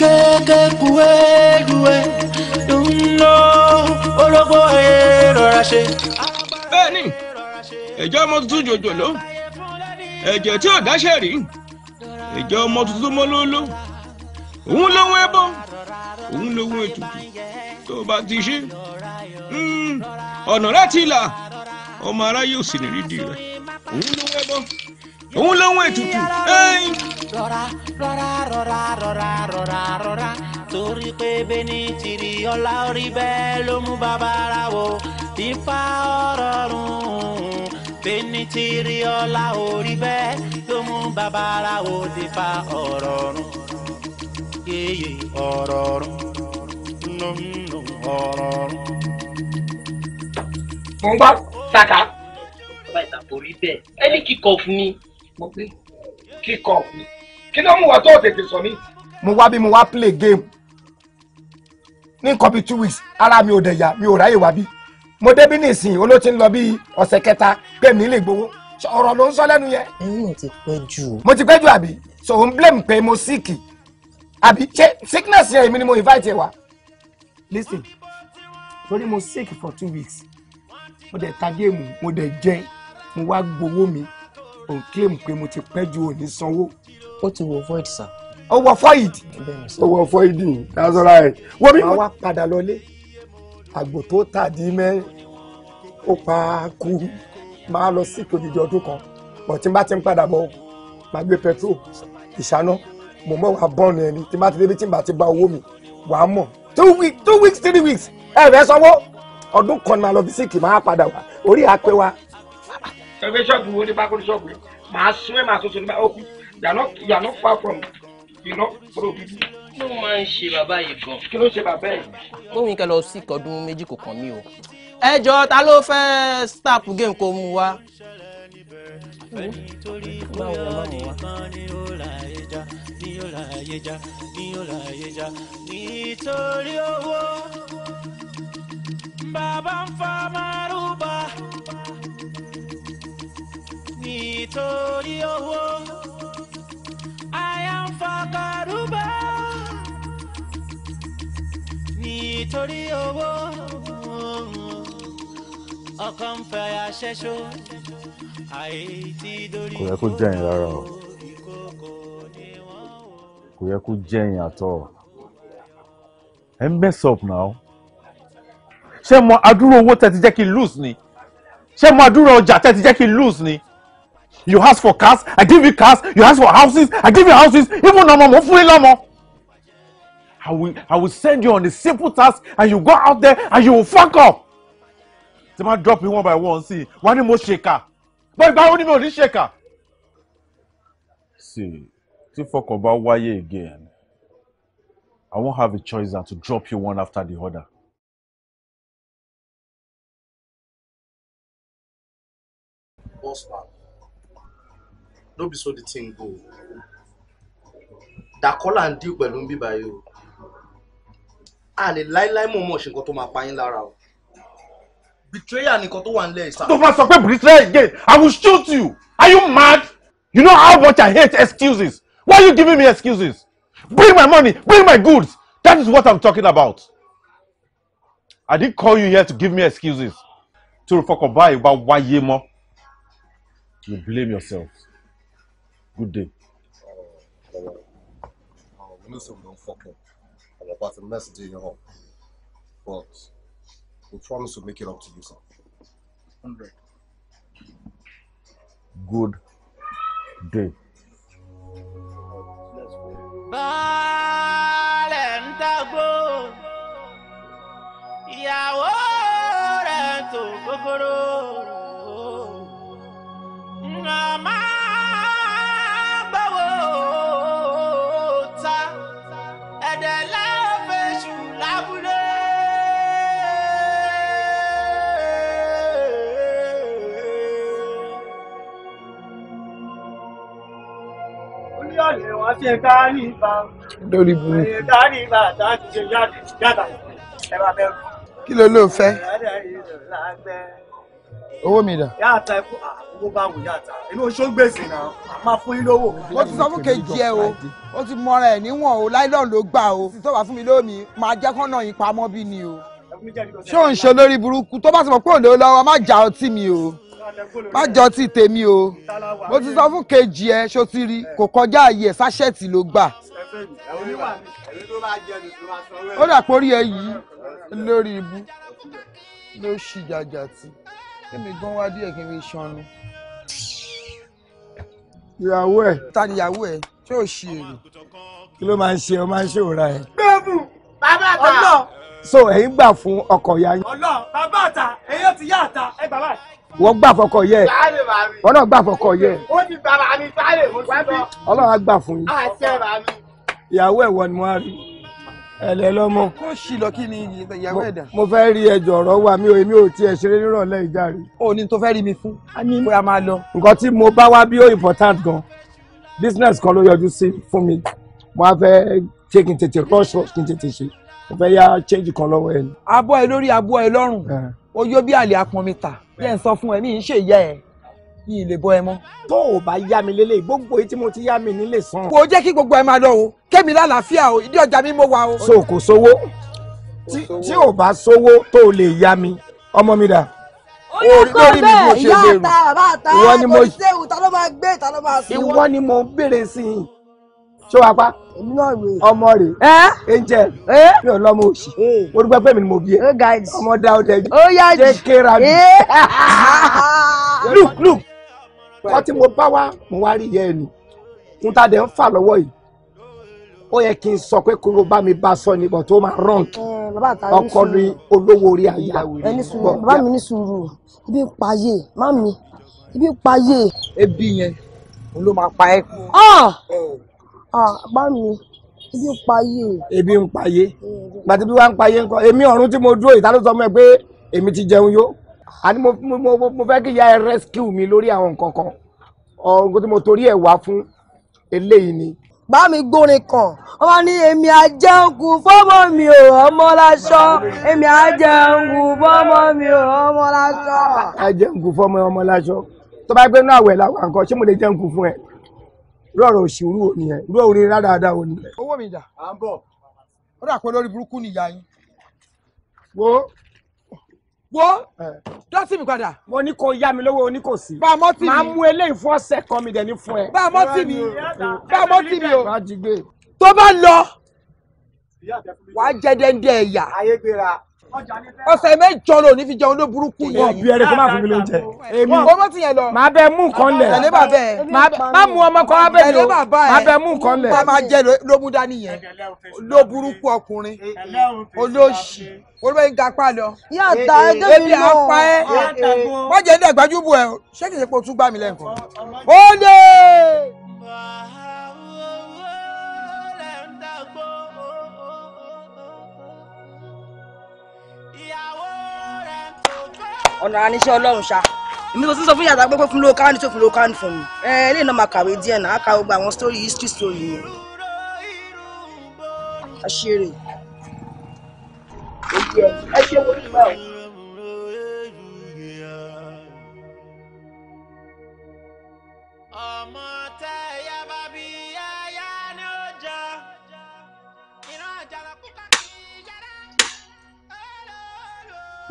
keke kuwe ruwe nlo orogbo erora ṣe. bẹ́ẹ̀ni ẹjọ ọmọ tuntun jòjòló ẹ̀jẹ̀ tí ò dáṣẹ rí ẹjọ ọmọ tuntun mọlọlọ òun lòun ẹbọ òun lòun ètùtù tó bá ti ṣe hmm, ọ̀nà láti là ọmọ aráyé ò sì ní òun lòun ẹbọ òun lóhun ètùtù. rọra rọra rọra rọra rọra rọra torí pé bẹ́ni tìrì ọlá orí bẹ́ẹ̀ ló mú bàbára wo ìfà ọ̀rọ̀ rùn bẹ́ni tìrì ọlá orí bẹ́ẹ̀ ló mú bàbára wo ìfà ọ̀rọ̀ rùn yéye ọ̀rọ̀ rùn nùnú ọ̀rọ̀ rùn. mo ń gbọ́ saka. bàbá ìtàkùn rí bẹ́ẹ̀ ẹni kíkọ fún mi mo pé kick off ni kí ló mú wa tó tètè sọ mí. mo wá bí mo wá play game ní nǹkan bíi two weeks ara mi ò dẹ̀yà mi ò ráyè wá bí mo débí nísìnyí olóòtú ń lọ bí ọ̀sẹ̀ kẹta pé mi lè gbowó ọ̀rọ̀ ló ń sọ lẹ́nu yẹn. ẹ̀yin ò ti pẹ́ jù. mo ti pẹ́ jù àbí so n blame pé mo sick àbí ṣé sickness yẹn èmi ni mo invite ẹ wá. listen torí mo sick for two weeks mo dẹ̀ ta géèmù mo dẹ̀ jẹ mo wá gbowó mi ò ń claim pé mo ti pẹ́ ju òní sanwó. ó ti wọ void sir. ó wọ void. ó wọ void ni that's right. wọ́n mi wá padà lọlé àgbò tó tàdí mẹ́rin ó pa kú máa lọ sí ìkejì ọdún kan bọ̀ tí n bá ti ń padà bọ̀ máa gbé petrol ìṣáná mo mọ̀ wá bọ́ọ̀nù ẹni tí n bá ti débi tí n bá ti gba owó mi wàá mọ̀ two weeks two weeks three weeks ẹ fẹ́ sanwó ọdún kan ni màá lọ fi síkì máa padà wá orí àpè wa ẹgbẹ́ ṣọ́ọ̀bù wo ni bá kọ́ni ṣọ́ọ̀bù yẹn màá sún ẹ̀ màá tó sọ̀rọ̀ báyìí ó kú yàrá far from iná fúró bíbí. ló máa ń ṣe bàbá yìí gan. kí ló ṣe bàbá yìí. lóyún kẹ lọ sí ìkọdún méjì kò kàn mí o. ẹ jọ ta ló fẹ́ stap game kó mu wá. nítorí owó bàbá ń fa márùbà nítorí owó àyà ń fọkàrúbọ nítorí owó ọkọ ń fẹ́ aṣẹ́ṣó àìtí dorí kò yẹ kó jẹyìn rárá o kò yẹ kó jẹyìn àtọ ẹ ń mess up now ṣé mo àdúrò owó tẹ́ ti jẹ́ kí n lose ni ṣé mo àdúrò ọjà tẹ́ ti jẹ́ kí n lose ni. You ask for cars, I give you cars. You ask for houses, I give you houses. Even ọmọ mo fún yín lọ́mọ. I will, I will send you on a simple task and you go out there and you will fuck up. The man drop you one by one See, i, wọ́n á ní mo ṣèkà. Bọ́ ìgbà wo ni mi ò ní ṣèkà? See, tí fọkàn bá wáyé again, I won't have a choice than to drop you one after the other. Boss man no be so the thing go dàkọ́là ń dín pẹ̀lú bíbá yìí o a lè láíláí mọ̀ mọ̀ ṣe nǹkan tó máa pa yín lára o betrayal nìkan tó wà nílẹ̀ ìsà. tó bá sọ pé betrayal again i will shoot you are you mad you know how much i hate excuses why are you giving me excuses bring my money bring my goods that is what i'm talking about i didn't call you here to give me excuses To o by báyìí bá wáyé mọ́ you blame yourself good day. We know náà sọ̀rọ̀ fọ́kàn. Àwọn ọ̀pá ti mẹ́sì dé yẹn hàn. But we promise to make it up to you, sir. Hundred. Good day. Baálẹ̀ ń dágbó, ìyàwó rẹ̀ tó lórí burúkú kí ló ló fẹ́ owó mi dà. yàtà ẹ kó owó bá wù yàtà inú oṣù gbèsè náà a máa fún yín lówó. ó ti sọ fún kejì ẹ o ó ti mọra ẹ níwọ̀n o láìlọ́ọ̀n ló gbà o tó bá fún mi lómi máa jẹ́ kọ́nà yín pamọ́ bí ni o. ṣé òun ṣe lórí burúkú tó bá ti mọ̀ pé òun lè lọ́wọ́ má jà ọtí mi o má jọ tí tèmi o mo ti sọ fún kejì ẹ ṣó ti rí kò kọjá ààyè ẹ sáṣẹ́ẹ̀tì ló gbà. ó dà pórí ẹ yìí lórí ibú ló ṣì jàjà tí kémi gan wá díẹ̀ kí mi ṣanu. ìyàwó ẹ. ta ni ìyàwó ẹ ṣé ò ṣe èrè. kí ló máa ń ṣe ọ máa ń ṣòra ẹ. gbẹ́bù bàbá ta. so ẹ̀yin gbà fún ọkọ ìyá yín. ọlọ bàbá ta ẹyẹ ti yá àta ẹ bàbá yìí wọ́n gbà fọkọ yẹ wọ́n náà gbà fọkọ yẹ. ó ti bàbá mi sáré mo ti lọ. ọlọ́run á gbà fún yín. àṣẹ bàbá mi. ìyàwó ẹ̀ wọ ni mo á rí ẹlẹ lọmọ. kó sì lọ kí ni ìyàwó ẹ̀dá. mo fẹ́ rí ẹjọ́ ọ̀rọ̀ wa mi ò èmi ò tiẹ̀ ṣeré nírọ̀lẹ́ ìjàre. o ní tó fẹ́ rí mi fún. a ní bóyá máa lọ. nǹkan tí mo bá wá bí ó important gan business kan ló yọjú sí fún mi mo á fẹ́ ṣé kí n tètè rush rush kí n tètè ṣe mo fẹ́ yá change kan lọ́wọ́ ẹ̀ ni. abọ́ ẹ lórí abọ́ ẹ lọ́rùn ojú bí àlè apọnmi ta yẹn sọ fún ẹ mi ń ṣe ìyá ẹ yìí lè bọ ẹ mọ. tó o bá yá mi lélẹ̀ gbogbo èyí tí mo ti yá mi nílé san. kò jẹ́ kí gbogbo ẹ máa lọ o kémi lálàáfíà o ìdí ọjà mi mo wà o. so kò sówó tí o bá sówó tó o lè yá mi ọmọ mi dà lórí mi mo ṣe lérò ìwọ ni mo ìwọ ni mo béèrè sí i ṣé wàá pa ọmọ rẹ̀ angel mi ò lọ́mọ òsì mo dúpẹ́ pé mi ni mo bí ẹ ọmọ dá ọ dẹbi ṣé kéra mi look look wọ́n tí mo bá wá mo wá rí ìyá ẹ nì fún tá a dẹ̀ ń fà yìí ó yẹ kí n sọ pé kó o bá mi bá sọ ni bọ̀ tó máa rank ọkọ ni olówó orí àyà ẹni sùúrù bàbá mi ní sùúrù ibi pààyè má mi ibi pààyè. ebi yẹn ló máa pa ẹ àbá ah, mi ebi ń payé. ebi ń payé gbàtí bí wàá ń paye, ńkọ́ èmi ọ̀run tí mo dúró ìta ló sọ fún ẹ pé èmi ti jẹun yó àní mo mo mo fẹ́ kí ìyá ẹ rescue mi lórí àwọn nǹkan kan ọ̀run tí mo torí ẹ̀ wá fún eléyìí ni bá mi gbórin kan wọn ní èmi àjẹkù fọmọ mi ò ọmọ láṣọ èmi àjẹkù fọmọ mi ò ọmọ láṣọ. àjẹkù fọmọ ọmọ láṣọ tó bá gbé náà làwọn nǹkan ṣé mo lè jẹun kù fún ẹ rọrọ òṣèlú òní ẹ rọ orin rárára òní ẹ. owó mi dà. à ń bọ̀. ó dà pé lórí burúkú nìyá yín. wo. wo dọ́sí mi padà. mo ní kó yá mi lówó oní kò sí. bá a mọ́ tì mí. máa mú eléyìí fún ọ̀sẹ̀ kan mi dẹ̀ ní fún ẹ. bá a mọ́ tì mí. bá a mọ́ tì mí o. tó bá lọ wàá jẹ́ dẹ́ndé ẹ̀yà. ayé gbéra ọ̀sẹ̀ mẹ́jọ ló ní fi jẹun ló burúkú yẹn. wọn bí ẹrẹ kó má fún mi lóúnjẹ. èmi ọmọ ti yẹn lọ. màá bẹ mú nǹkan lẹ. tẹ̀lé bàbá ẹ. má mú ọmọ kan wá bẹ̀ lọ. màá bẹ mú nǹkan lẹ. máa jẹ ló mú dání yẹn ló burúkú ọkùnrin olóòṣì olùbẹ̀ ń gapá lọ. yóò ta ẹjọ́ mi lọ. ebi apá ẹ wọ́n jẹ́ ní ẹ̀gbájú ẹ ṣé kìí ṣe pé tún gbá mi lẹ́ǹkan. ó lè. ọ̀nà àníṣe ọlọ́run ṣá èmi kò sí sọ fún yàtọ̀ pé fún lóò káwọn tó fún lóò káwọn fún mi ẹ eléyìí náà máa kàwé díẹ̀ náà á ka gbogbo àwọn story history story yẹn àṣírí ojú ẹ ẹ ṣe wo ní ìgbà o.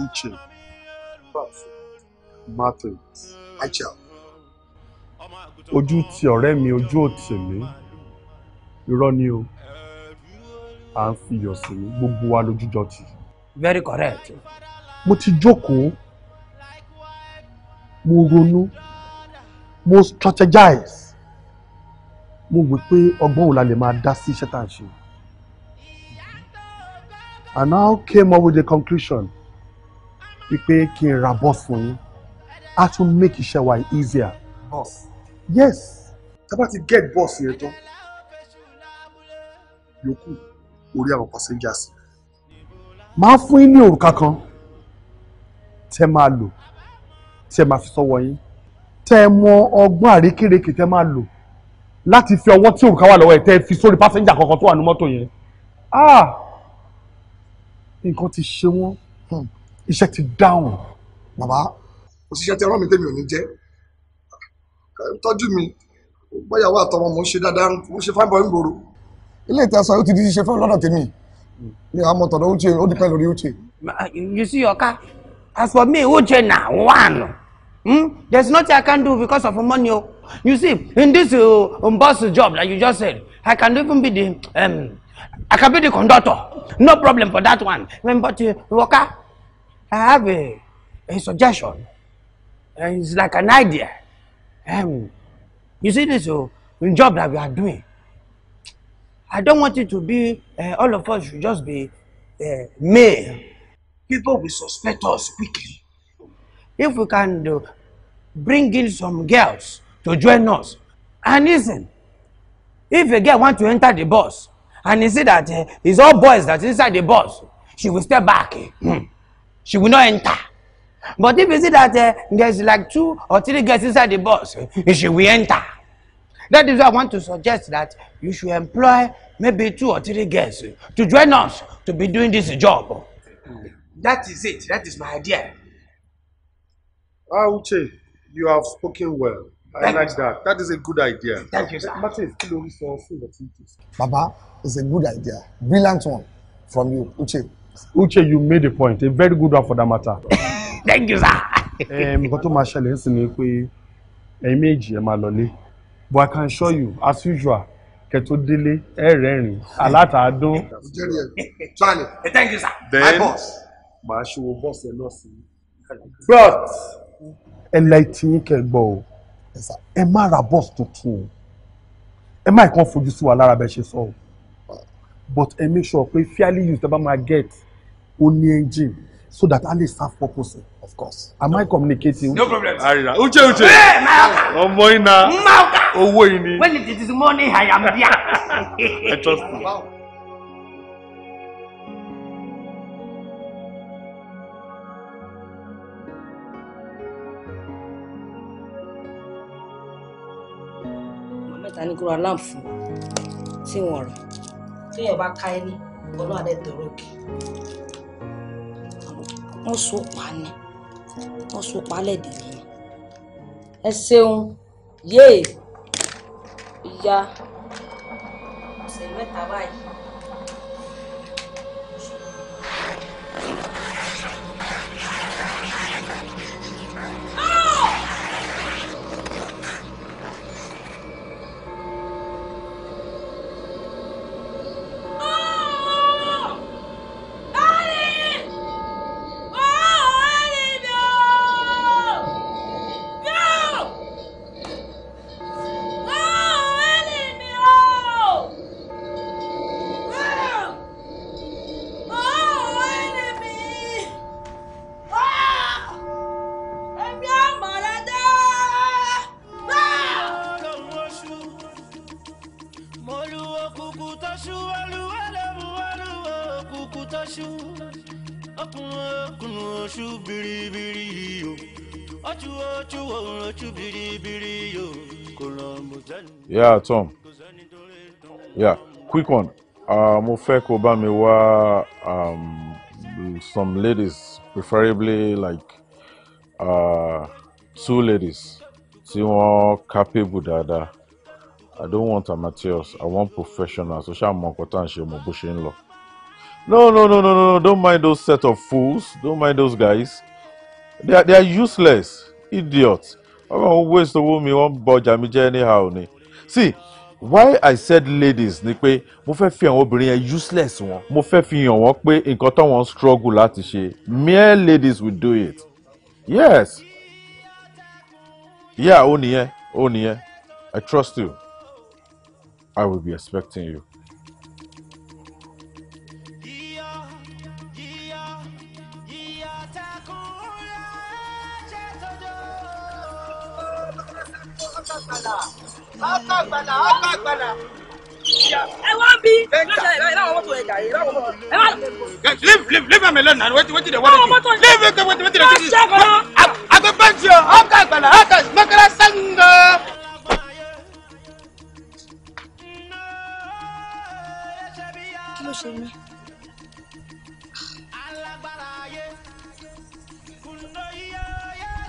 Uche fàṣọ. Martins. Achal. Ojú ti ọ̀rẹ́ mi, ojú ò tì Irọ́ ni o. À ń fi iyọ̀ sí mi, gbogbo wa lójújọ tì. Very correct. Mo ti jókòó. Mo ronú. Mo strategize mo wí pé ọgbọ́n wo la lè máa dá sí iṣẹ́ tá à ń ṣe. I now came up with a conclusion wípé kí n ra bus fún yín a tún make iṣẹ́ wa easier. bus. yes. tá a bá ti get bus yẹn tán yòókù orí àwọn passengers. máa fún yín ní òrùka kan tẹ́ máa lò tẹ́ máa fi sọ́wọ́ yín tẹ́ mọ ọgbọ́n àrékèrèké tẹ́ máa lò láti fi ọwọ́ tí òrùka wà lọ́wọ́ ẹ̀ tẹ́ fi sórí passenger kankan tó wà ní mọ́tò yẹn. ah nǹkan ti ṣe wọ́n iṣẹ́ ti dáhùn bàbá òṣìṣẹ́ ti rán mi tèmi ò ní jẹ́ tọ́jú mi gbọ́yàwó àtọmọ mo ń ṣe dáadáa mo ń ṣe fáìbọ̀ ń gbòòrò ilé ìta sọ yóò ti di ṣíṣe fún lọ́dọ̀ tèmi ni hmm. àwọn ọmọọ̀tọ̀ lóhùn ṣe ó dípẹ́ lórí ó ṣe. you see your car. as for me ó jẹ na one hmm? there is nothing I can do because of money o oh. you see in this uh, um, bus job that you just said I can even be the um, I can be the conductor no problem for that one but uh, worker. I have a, a suggestion. And uh, it's like an idea. Um, you see this uh, job that we are doing. I don't want it to be uh, all of us should just be uh, male. People will suspect us quickly. If we can uh, bring in some girls to join us. And listen, if a girl wants to enter the bus and you see that uh, it's all boys that's inside the bus, she will step back. Uh, she will not enter. But if you see that uh, there's like two or three girls inside the bus, eh, she will enter. That is why I want to suggest that you should employ maybe two or three girls eh, to join us to be doing this job. That is it. That is my idea. Ah, Uche, you have spoken well. I Thank like you, that. That is a good idea. Thank you, sir. Martin Baba, it's a good idea. Brilliant one from you, Uche. Uche, you made a point, a very good one for that matter. Thank you, sir. Nǹkan tó máa ṣẹlẹ̀ ń sìn ni pé ẹ̀yin méjì ẹ̀ máa lọlé. But I can assure you, as usual, kẹ́ tó délé ẹ̀ rẹ́rìn-ín alátàádún. Charlie, thank you, sir. Then, my boss. Màá ṣòwò bọ́ọ̀sì ẹ̀ náà sí. But ẹ la ìtì yín kẹ́ gbọ́ o. Ẹ má ra bọ́ọ̀sì tuntun o. Ẹ má ìkan fojú sí wa lára bẹ́ẹ̀ ṣe sọ o. But ẹ make sure pé fairly use ẹ bá máa get. Only ní engine so that a lè serve purpose of course am i communicating. no problem. arira uche uche ọmọ iná owó yìí ni. when it is morning i am there. i trust you. ta ní kúrò aláǹ fún tí wọn rà téèyàn bá ká ẹni ọlọ́run adé tọrọ òkè wọ́n so pa ni wọ́n so pa lẹ́dìdì ni ẹ ṣeun yéè ìyá ọ̀sẹ̀ mẹ́ta báyìí. yeah Tom yeah quick one uh, mo fẹ́ kó bá mi wá um, some ladies preferably like uh, two ladies tí wọ́n capable dáadáa i don't want amateurs i want professionals o ṣáà mọ nǹkan tá à ń ṣe mọ bó ṣe ń lọ. no no no no no don't mind those set of fools don't mind those guys they are, they are useless idiots ọkàn wọn waste the owó mi wọn bọjà mi jẹ anyhow ni see why i said ladies ni pé mo fẹ́ fi àwọn obìnrin yẹn useless wọn mo fẹ́ fi hàn wọ́n pé nǹkan táwọn struggle láti ṣe mere ladies will do it yes yeah ó nìyẹn ó nìyẹn i trust you i will be expecting you. Yeah ọkọ àgbàlá ọkọ àgbàlá. ẹ wá bí láwọn mọ́tò ẹ̀ jàre láwọn mọ́tò ẹ̀ wá. leave leave leave am alone na wetin wetin dey worry you leave wetin wetin wetin dey do you. agbẹ́bẹ́ntì ọkọ àgbàlá ọkọ mọ́kànlá sango. kí ló ṣe mí.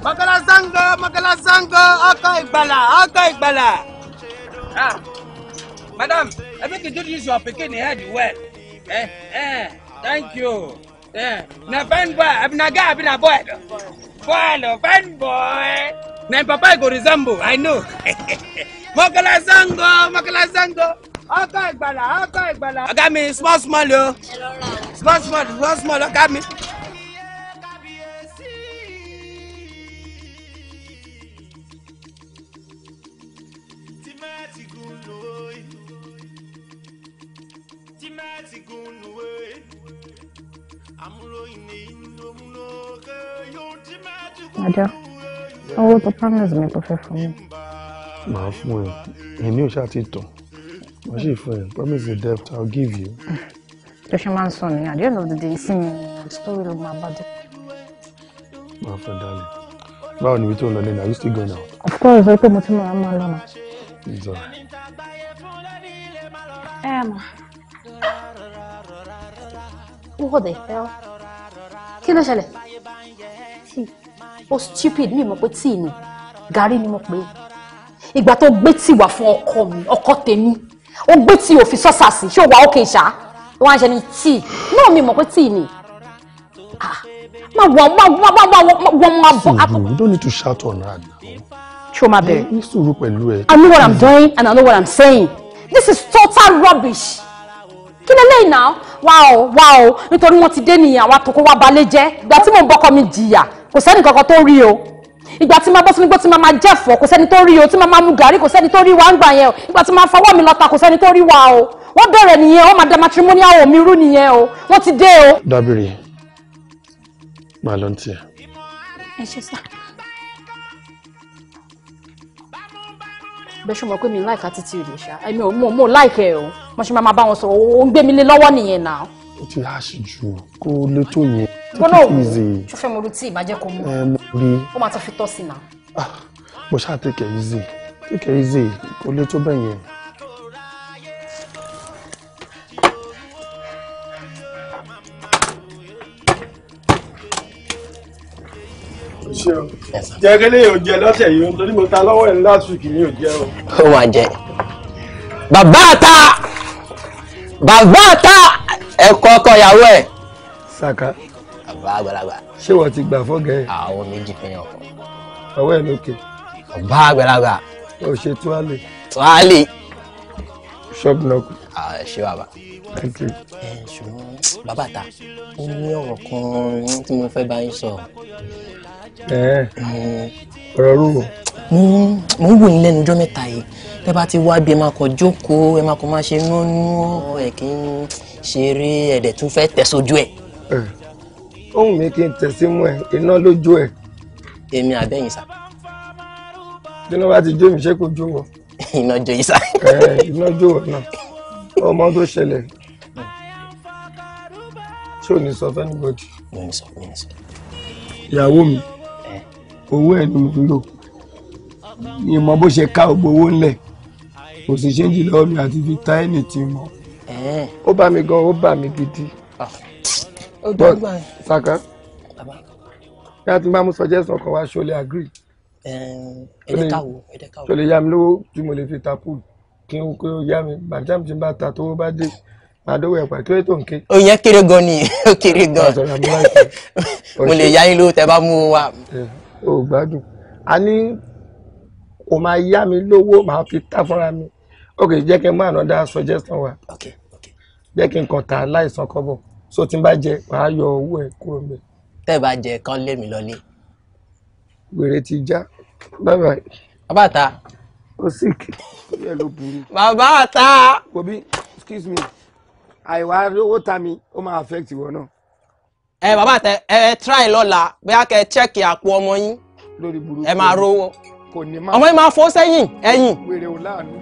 Magala zango, magala zango, ọkọ̀ ìgbàlà, ọkọ̀ ìgbàlà. Ah, madam, I think you use your picking head well. Eh, eh, thank you. Eh, na fine boy, I'm na guy, I'm na boy. Boy, fine boy. Na papa I go resemble, I know. Mokala zango, mokala zango. Ọkọ ìgbàlà, bala? I got me small small yo. Oh. Small small, small small, I got me. nati gunwe amulo ine ino ke yonti mati gunwe. Ajá, owó tó promise mi tó fẹ́ fún mi. Màá fún ẹ, èmi ò ṣáà ti tàn, màá sì fún ẹ, promise the debt I will give you. Tó ṣe máa ń sọ nìyà, the end of the day, ìsinmi story ló máa bá dé. Màá fẹ́ dálé. Báwo ni ibi tó ń lọ lẹ́nu? Are you still going out? Of course, ó pé mo ti máa ń máa lọ́nà. It's alright n kò dẹ̀ fẹ́ ọ́ kí ló ṣẹlẹ̀ tíì ó stupid mi mọ̀ pé tíì ni gàrí ni mo pè é ìgbà tó gbé tíì wá fún ọkọ mi ọkọ tèmi ó gbé tíì ò fi sọ́sà sí ṣé ó wà ókè ṣá wọ́n á ṣe ni tíì náà mi mọ̀ pé tíì ni ah, má wọ má wọ má wọ wọ́n máa bọ̀ àtọ̀. you don't need to shout on her now. ṣé o máa eh, bẹ̀rẹ̀. ní sùúrù pẹ̀lú ẹ. I know what I'm hmm. doing and I know what I'm saying. This is total rubbish kí lélẹ́yìn náà wá o wá o nítorí wọ́n ti dé nìyẹn àwọn àtòkò wa balẹ̀ jẹ́ ìgbà tí mò ń bọ́kọ mi jìyà kò sẹ́ni kankan tó rí o ìgbà tí máa bọ́ sínú igbó tí máa máa jẹ̀fọ́ kò sẹ́ni tó rí o tí máa máa mu gàrí kò sẹ́ni tó rí wa ń gbà yẹn o ìgbà tí máa fọwọ́ mi lọ́ta kò sẹ́ni tó rí wa o wọ́n bẹ̀rẹ̀ nìyẹn wọ́n máa da matrimonial omi rú nìyẹn o wọ́n ti dé o. dábìrì máa lọ tiẹ. ẹ ṣe sá. bẹ́ẹ̀ ṣe mọ̀ pé mi láìka títí ìlú ṣá ẹ̀mi ò mọ̀ mọ̀ láìkẹ́ o mo ṣe máa bá wọn sọ̀rọ̀ ó ń gbé mi lé lọ́wọ́ nìyẹn náà. ó ti háàṣì jù kó lè tó yẹn. gbọ́dọ̀ wò ṣó fẹ́ mo rí tí ìbàjẹ́ kò mú. ẹ mo rí. ó máa tún fi tọ́ sí náà. Ah, mo ṣáà take it easy take it easy kó lè tó bẹ́ẹ̀ yẹn. ṣe o jẹ kele yóò jẹ lọ́sẹ̀ yìí o torí mo ta lọ́wọ́ ẹ last week ni yóò jẹ o. ó máa jẹ bàbá ta bàbá ta ẹ̀kọ́ ọkọ ìyàwó ẹ̀. saka bàbá àgbàlagbà. ṣé wọ́n ti gbà fọ́gẹ̀ ẹ̀. àwọn méjì fi hàn fún. ọwọ́ ẹ̀ lókè. bàbá àgbàlagbà. o ṣe tuwálé. tuwálé. ṣọ́ọ̀bù náà kù. ẹ ṣé bàbá. thank you. ẹ ṣùgbọ́n bàbá ta ó ní ọ̀rọ̀ kan tí mo fẹ́ bá yín sọ. ọ̀rọ̀ rú. mo ń wò ní lẹ́nu ọjọ́ mẹ́ta yìí tẹ́ bá ti wá bí ẹ máa kọ̀ jókòó ẹ máa kọ̀ máa ṣe nánú ẹ kì í ṣeré ẹ̀dẹ̀ tún fẹ́ tẹ̀ sójú ẹ̀. Eh. ohun mi kì í tẹ̀ sí mú ẹ iná lójú ẹ. èmi àbẹ́yìn sá. bí wọ́n bá ti jó mi ṣé kò jó wọ. iná jó yìí sá. Eh, iná jó wọ náà ọmọ tó ṣẹlẹ̀ ṣé ò ní sọ fẹ́ níbọ̀dì. ìyàwó mi eh. owó ẹ̀ ni mo lò ni mo bó ṣe ká gbogbo ńlẹ̀ kò sì ṣe ń jì lọ́wọ́ mi àti fi tá ẹnì tí mọ̀ ó bá mi gan ó bá mi gidi ah. but saka bí a ti bá mú suggestion kan wá ṣo lè agree ṣo lè yá mi lówó tí mo lè fi ta pool kí n kó yá mi bàtà mi ti bá ta tó bá dé àdówó ẹ̀pà kí ló tó ń ké. òyìn kéré gan ni ó kéré gan ah, mo lè yá yín lówó tẹ bá mú wa. Eh, o gbádùn a ní kò máa yá mi lówó màá fi ta fúnra mi ok jẹ́ kí n mú another suggestion wa ok ok jẹ́ kí n kàn ta láìsan kọ́bọ̀ so tí n bá jẹ wàá yọ owó ẹ̀ kúrò ń tẹ́ ẹ bá jẹ kán lé mi lọlé. wèrè ti já bye bye. bàbá ta. ó sì kí ẹ ló burú. bàbá ta. kòbí excuse me àìwá owó ta mi ó máa affect ìwọ náà. ẹ bàbá tẹ ẹ try lọ́la bóyá kẹ check àpò ọmọ yín lórí burúkú ẹ máa rówó ọmọ yín máa fọ́ sẹ́yìn ẹ̀yìn. wèrè ò láàánú.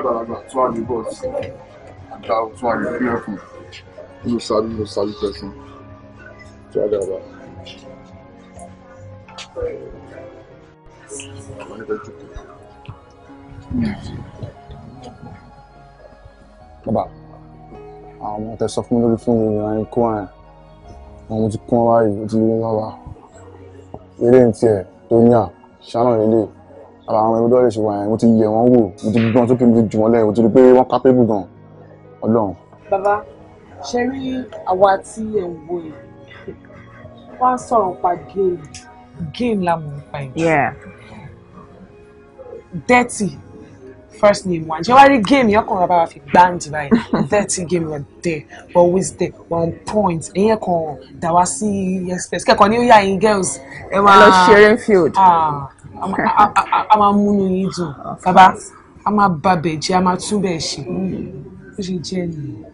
àgbàlagbà tún àgbè bọ̀ sí ìgbà tún àgbè fún ẹ̀kún sáré nínú sáré tẹ̀sán tí àgbàlagbà. Bàbá, àwọn tẹ fún mi lórí fóònù ìrìn kó àrùn. Àwọn ti kún wáyé, ó ti lé wá wá. Eré ń tiẹ̀ tó yàn, ṣáná lélẹ̀ ara àwọn ẹgbẹ́ lọ́rẹ̀ ṣe wà yẹn mo ti yẹ wọ́n wò mo ti gbọ́n sókè mo ti jù wọ́n lẹ́yìn mo ti rí pé wọ́n capable gan ọlọ́run. bàbá ṣe rí àwa tí ẹ̀ ń wo yìí wá sọ̀rọ̀ pa game game la mọ̀ nípa ẹ̀. dirty first name one ṣé wá rí géèmì ọkùnrin bàbá wa fi gbáǹdì báyìí thirty game were there always there one point ìyẹn kan dà wá sí express kẹ́kọ̀ọ́ ní oyà yín girls ẹ máa lọ sharing field ah, a máa múnú yín dùn bàbá a máa babẹ̀ jẹ́ a máa túbẹ̀ ṣe bó ṣe jẹ́ nìyẹn.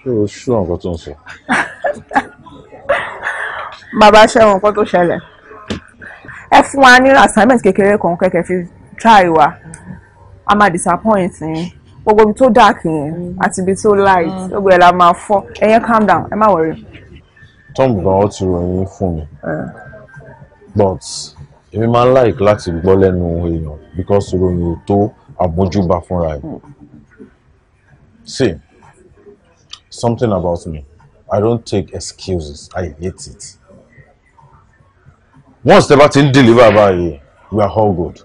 ṣé o ṣú nǹkan tó ń sọ. bàbá ṣẹ́wọ̀n nǹkan tó ṣẹlẹ̀ ẹ fún wa ní assignment kékeré kan kẹ́kẹ́ fi try wa a máa disappoint yín gbogbo ibi tó dark yẹn àti ibi tó light mm. gbogbo ẹ̀ la máa fọ́ ẹ̀yẹn calm down ẹ má worry. tom gan ó ti ròyìn fún mi but èmi máa ń like láti gbọ́ lẹ́nu èèyàn because ìròyìn ò tó àmójúbà fúnra ẹ̀ mm. see something about me I don't take excuses I hate it once tẹ́ bá ti ń deliver báyìí we are all good.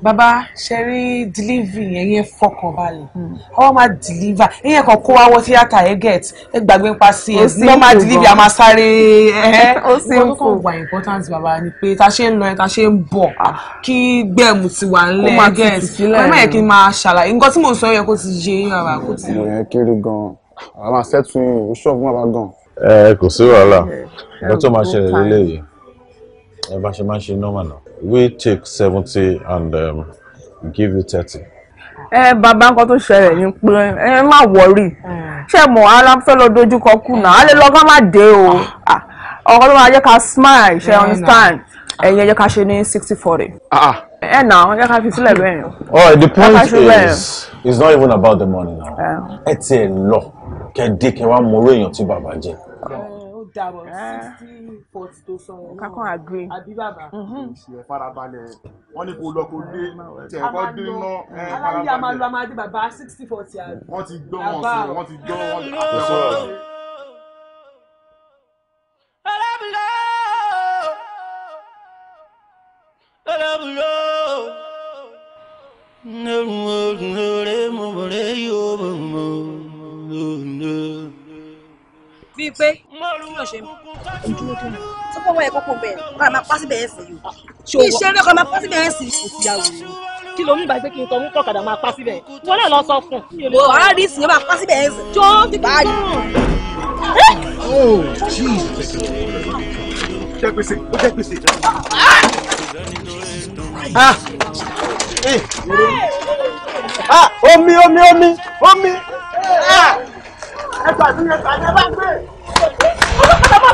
Baba, ṣe delivery yẹn yẹn fọkàn balẹ̀ ọwọ́ hmm. máa deliver yẹn kan kó wá wọ tíátà ẹ get ẹ gbàgbé nípa sí ẹ sí lọ́ọ́ máa deliver a máa sáré ẹ ó sì ń kó wà important bàbá ni pé ta ṣe ń lọ yẹn ta ṣe ń bọ̀ ah. kí gbẹ̀mù ti wà ńlẹ̀ get ọmọ yẹn kí n máa ṣàlàyé nǹkan tí mò ń sọ yẹ kó ti yé yín kó ti. ìlò yẹn kéré gan àwọn máa ṣẹ́tù yín o ṣọ́ọ̀bù máa bá gan. ẹ eh, kò sí wàhálà ìgbà eh, tó máa eh, ṣẹlẹ̀ lélẹ́yìí ẹ bá ṣe máa ṣe nọ́mà náà we take seventy and um, give you thirty. ẹ bàbá nǹkan tó ṣẹlẹ̀ ni pé ẹ má wọrí ṣé mo alámsọ lọ dojúkọ kùnà á lè lọ ká má dé o ah. ọkọ tó máa jẹ́ ká smile ṣe understand ẹ̀yin ẹ jẹ́ ká ṣe ní sixty forty. Ah, ah. ẹ nà ẹ jẹ́ ká fi sílẹ̀ bẹ́ẹ̀. alright the point is it's not even about the money now ẹ tiẹ̀ lọ kẹ́ dé kẹ́ wá mọ orí èèyàn tí bàbá jẹ́ dà bọ̀ ah. sixty forty tó sọ wọn. kankan agree àbí bàbá. Mm-hmm. ṣe é farabalẹ̀ wọ́n ní kò lọ kó dé tẹ̀ kọ́ dé ná farabalẹ̀. aláyé a máa lo amadé bàbá sixty forty àbí. wọ́n ti gbọ́ wọn sí wọ́n ti gbọ́ wọn sí. Alábìlẹ̀ pé ojúmọ́ tó ní tó pọ̀ wọ́n yẹ kókó bẹ́ẹ̀ kọ́ ọ máa pa síbẹ̀ ẹ̀sìn yìí kí ló ń gbà pé kí n sọ mú kọ̀kadà máa pa síbẹ̀ wọn náà lọ sọ fún. mo á rí ìsìn yóò máa pa síbẹ̀ ẹ̀sìn. jó ti kí n ó jẹ́ ah! Ah! Eh! Ah! omi omi omi omi. ẹ gbàdúrà ẹ gbàdúrà ẹ bá gbé.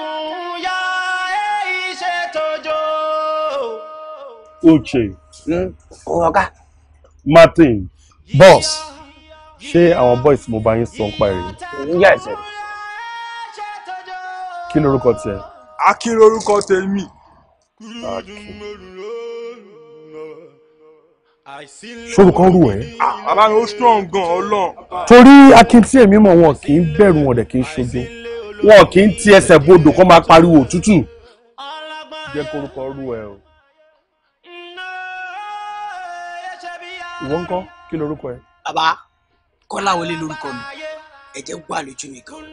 kúnyà iṣẹ́ tójó. uche. Hmm? ọ̀gá. martin boss ṣé àwọn boys mo bá yín sọ ń parí. yíyá ẹsẹ. kí lorúkọ tiẹ̀. akin lorúkọ tèmi. ṣòro kan rú ẹ. Ah, bàbá mi ó strong gan ọlọ́run. torí akin tí èmi mọ̀ wọn kì í bẹ̀rù wọn dẹ̀ kì í ṣojú wọn kì í ti ẹsẹ̀ bodò kó máa pariwo òtútù jẹ́ korúkọ rú ẹ o. ìwọ ń kọ́ kí lorúkọ ẹ. bàbá kọ́láwọlé lorúkọ mi ẹ̀jẹ̀ wà lójú mi gan.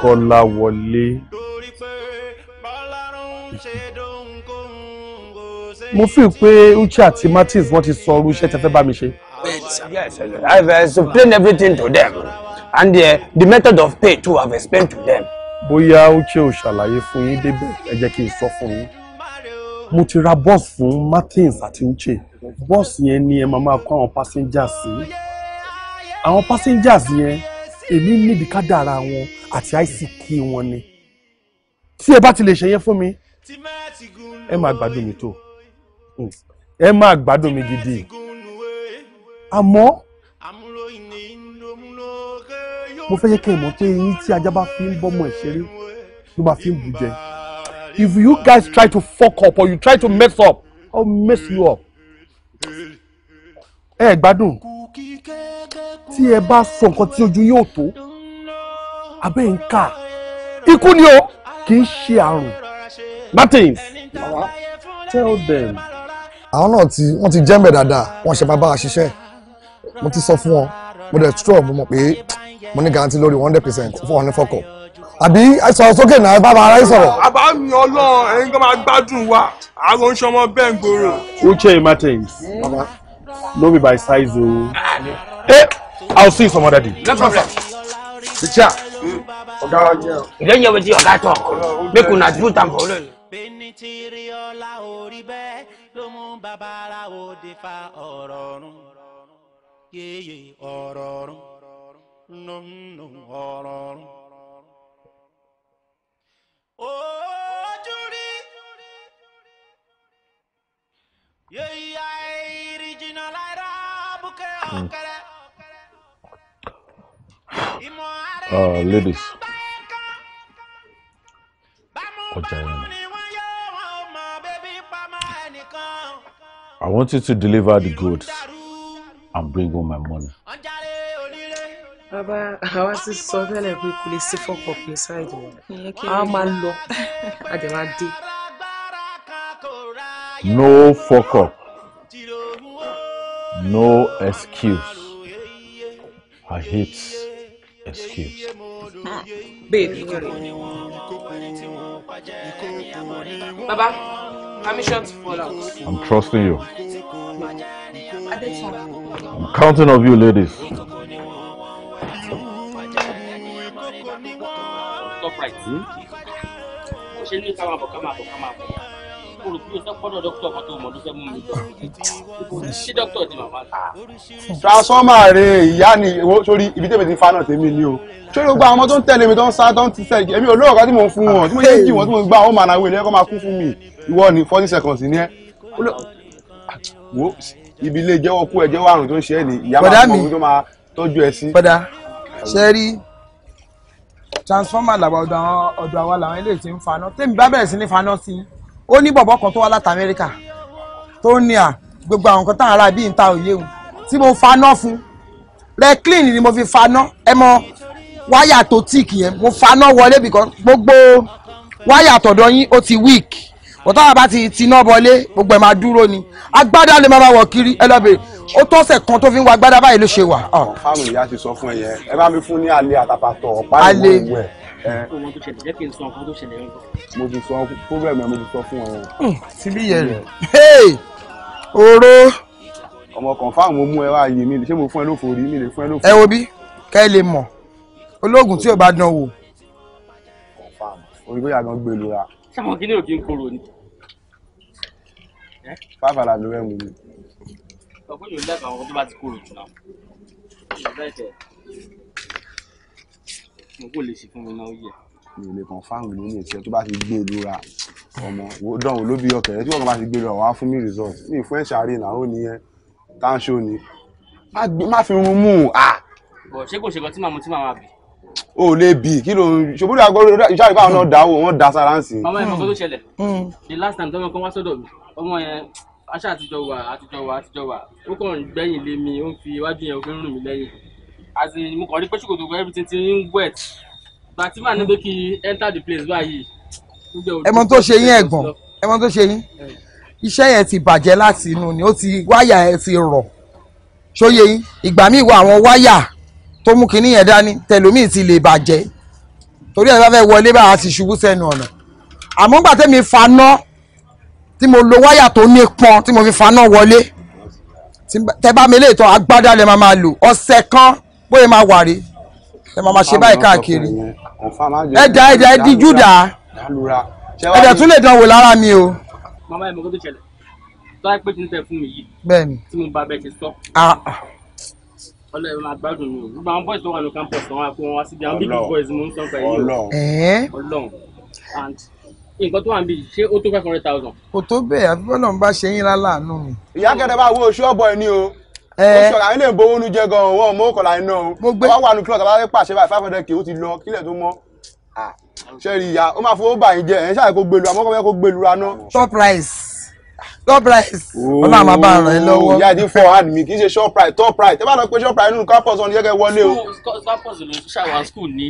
kọ́láwọlé. mo fi pé uche àti martins wọ́n ti sọ irú iṣẹ́ tẹ́fẹ́ bá mi ṣe. yes i have explained everything to them and uh, the method of pay too have explained to them. bóyá uche ò ṣàlàyé fún yín débẹ̀ ẹ jẹ́ kí n sọ fún yín mo ti ra bọ́ọ̀sì fún Martins àti uche bọ́ọ̀sì yẹn ni ẹ máa máa kó àwọn passengers sí àwọn passengers yẹn èmi níbi kádàrá wọn àti ICT wọn ni tí ẹ bá ti lè ṣe yẹn fún mi ẹ máa gbádùn mi tó ẹ máa gbádùn mi gidi àmọ́ mo fẹ́ yẹ kẹ́ ẹ̀ mọ̀ pé eyín tí ajá bá fi ń bọ́mọ ẹ̀ ṣeré ló bá fi ń bù jẹ if you guys try to fuck up or you try to mess up I'll mess you up ẹ ẹ gbádùn tí ẹ bá sọ nǹkan tí ojú yóò tó abẹ́ ń kà ikú ni o kì í ṣe àrùn nothing. tell them. àwọn náà ti wọ́n ti jẹ́mbẹ̀ dáadáa wọ́n ṣe bàbá àṣiṣẹ́ mo ti sọ fún wọn mo dẹ̀ trọ́ mo mọ̀ pé mo ní garanti lórí one hundred percent fún ọ̀nẹ́ fọ́kọ̀ àbí sọ̀rọ̀ sókè náà bàbá ara yín sọ̀rọ̀. àbá mi ọlọ́run ẹ̀yin kan máa gbádùn wa àwọn oúnjẹ ọmọ bẹ́ẹ̀ ń gbòòrò. uche Mama, no be by size o. eh i will see you some other day. no problem. teacher ọ̀gá wa jẹ́ o. ǹjẹ́ ń yẹ wetin ọ̀gá tọ̀ make una do tam for olóòlù. bẹ́ẹ̀ni tí rí ọlá orí bẹ́ẹ̀ ló mú babaláwo dé fa ọ̀rọ̀ ọ̀run yéye ọ̀rọ̀ ọ̀run num num ọrọrun. ojú rí yẹ̀yà ìrì jìnnà láìra bùkẹ́ ọ̀kẹ́rẹ́. Uh, ladies, ọjà yẹn. I wanted to deliver the goods and bring home my money bàbá àwa ti sọ tẹ́lẹ̀ pé kò lè sí fọ́pọ̀ pé ṣáìdì wọn àwa máa lọ àdè máa dé. no fuck up no excuse i hate excuse. babe baba permission to fall out. i'm trusting you. i'm counting on you ladies. upright. ó ṣe ní ká máa bọ̀ ká máa bọ̀ ká máa bọ̀ mo rò pé o fẹ́ kọ́dọ̀ dókítà kan tó mọ̀ ló fẹ́ mú mi lọ ṣé dókítà ni màmá ta. transformer rè ìyá ni sórí ibi tèmi ti fa náà tèmi ni o sórí gbogbo àwọn ọmọ tó ń tẹ̀lé mi tó ń sá tó ń tisẹ̀ èmi ò lóòrò tí mò ń fún wọn tí mo yẹ jì wọn tí mo gbá àwọn màánà wẹ̀lẹ́ ẹ̀kọ́ máa kú fún mi ìwọ ni forty seconds ni ẹ wo ibi ilé jẹ́wọ́ kú ẹ jẹ́wọ́ àrùn tó ń ṣe ẹ ní ìyá máa ń mọ ohun tó máa tọ́jú ẹ sí. padà ṣe transformer làwọn ọ̀dọ̀ àwọn ọ̀dọ̀ àwa làwọn eléyìí ti ń faná tèmi bá bẹ̀rẹ̀ sí ní faná sí i ó ní bọ̀bọ̀ kan tó wá láti amẹ́ríkà tó ní à gbogbo àwọn nǹkan tá à ń ra bíi nta o tí mo faná fún reclean ni mo fi faná ẹ mọ wáyà tó tíìkì yẹn mo faná wọlé bìkan gbogbo wáyà tọ̀dọ̀ yín ó ti weak bọ̀tá bàbá ti tiná bọlé gbogbo ẹ̀ máa dúró ni agbádá lè máa wọ̀ kiri ẹ lọ ó tọ́sẹ̀ kan tó fi ń wa gbádá báyìí ló ṣe wà. fáwọn ìyá ti sọ fún ẹ yẹn ẹ bá mi fún ní alẹ́ àtàpàtọ̀ ọ̀pá ìwọ̀n ìwẹ̀ mo ti sọ problem mo ti sọ fún ọ. síbí hmm, yẹn rẹ oró. ọmọ kan fáwọn mú ẹ wá yìí mi ṣé mo fún ẹ lófo rí mi lè fún ẹ lófo. ẹ wo bí ká ẹ lè mọ olóògùn tí ò bá dán wò. olùgbéyà gan gbèlú ra. sáwọn kí ni òkè ń korò ni. fáfàlà ló rẹ mú mi ọgbọ́n yóò lẹ́kọ̀ọ́ àwọn tó bá ti kúrò jù náà ìbẹ̀tẹ̀ mo kò lè ṣe fún mi náà yẹ. mi ò lè kàn fáwọn ìlú ní ìṣẹ́ tó bá ti gbé ìlú e ra ọmọ dánwò ló bí ọkẹ̀rẹ́ tí wọ́n bá ti gbé e lọ wá fún mi result ní ìfún ẹ̀ṣẹ̀ àárín ìnáwó nìyẹn táǹṣó ni má fi run mú un. bọ̀ ṣé kò ṣe kan tí màmú tí màmá bì o lè bì kí ló ń ṣòbúrò agbóró ìṣàlẹ̀ báwọn náà dáwọ́ wọn dá sára ń sìn. ọmọ ìmọ̀ kó tó ṣẹlẹ̀ hmm. the last time tọ́mọ kan wá sọ́dọ̀ mi ọmọ yẹn aṣá àtijọ́ wà àtijọ́ wà àtijọ́ wà ó kàn ń gbẹ̀yìn lé mi ó ń fi iwájú yẹn òfin rùn mí lẹ́yìn àti mo kàn rí pé ṣòkòtò kan everything ti ń wet gbàtí màá ní pé kí enter the place báyìí. ẹmọ tó ṣe yín ẹ̀gbọ́n ẹmọ tó ṣe yín iṣẹ́ yẹn ti bàjẹ́ láti inú ni ó ti wáyà yẹn ti rọ̀ ṣóye yín ìgbà míì wà àwọn wáyà tó mú kinní yẹn dání tẹlómìn ti lè bàjẹ́ torí ẹ̀ bá fẹ́ wọlé bá a ti ṣubú sẹ́nu ọ̀nà àmọ́ gbà tẹ́mi faná tí mo lo wáyà tó ní pọn tí mo fi faná wọlé tẹ bá mi lè tọ agbádá lẹ máa máa lò ọ̀sẹ̀ kan bóyá máa wà rí ẹ máa máa ṣe báyìí káàkiri ẹ dá ẹ dá ẹ di júdà ẹ dẹ̀ tún lè dánwò lára mi o. mama ẹ mọ kó tó ṣẹlẹ̀ tó ẹ pé tí ń tẹ fún mi yìí tí mo bá bẹ ti sọ ọlọ́run agbádùn mi o gbogbo àwọn boys tó wà ní campus tó wà pé wọ́n wá síbi àwọn big boys mò ń yìí o ọlọ́run and nǹkan tó wà níbi ṣé ó tó five hundred thousand. kò tó bẹ́ẹ̀ àfi bọ́lá ń bá ṣe yín láláàánú mi. ìyá kẹta bá wo oṣù ọ̀bọ ẹ̀ ní o ó ṣọ̀rọ̀ àwọn ilé ìbò oúnú gan-an mọ́ kọ̀ọ̀lá iná o wọ́n wà ní club àbáwẹ́ pàṣẹ báyìí five hundred k ó ti lọ kílẹ̀ tó mọ́ ṣẹ́ẹ̀rì ìyá ó máa fowó bàyìn jẹ ẹ̀ ń ṣàkóso gbèlú àmọ́ kọ́ top price top price máa bá ràn ẹ́ lọ́wọ́. ìyá ìdí fọ hand mi kì í ṣe shop price top price tẹ́ bá lọ pé shop price nínú campus wọn ni jẹ́kẹ́ wọlé o. campus ló ṣàwọn school ní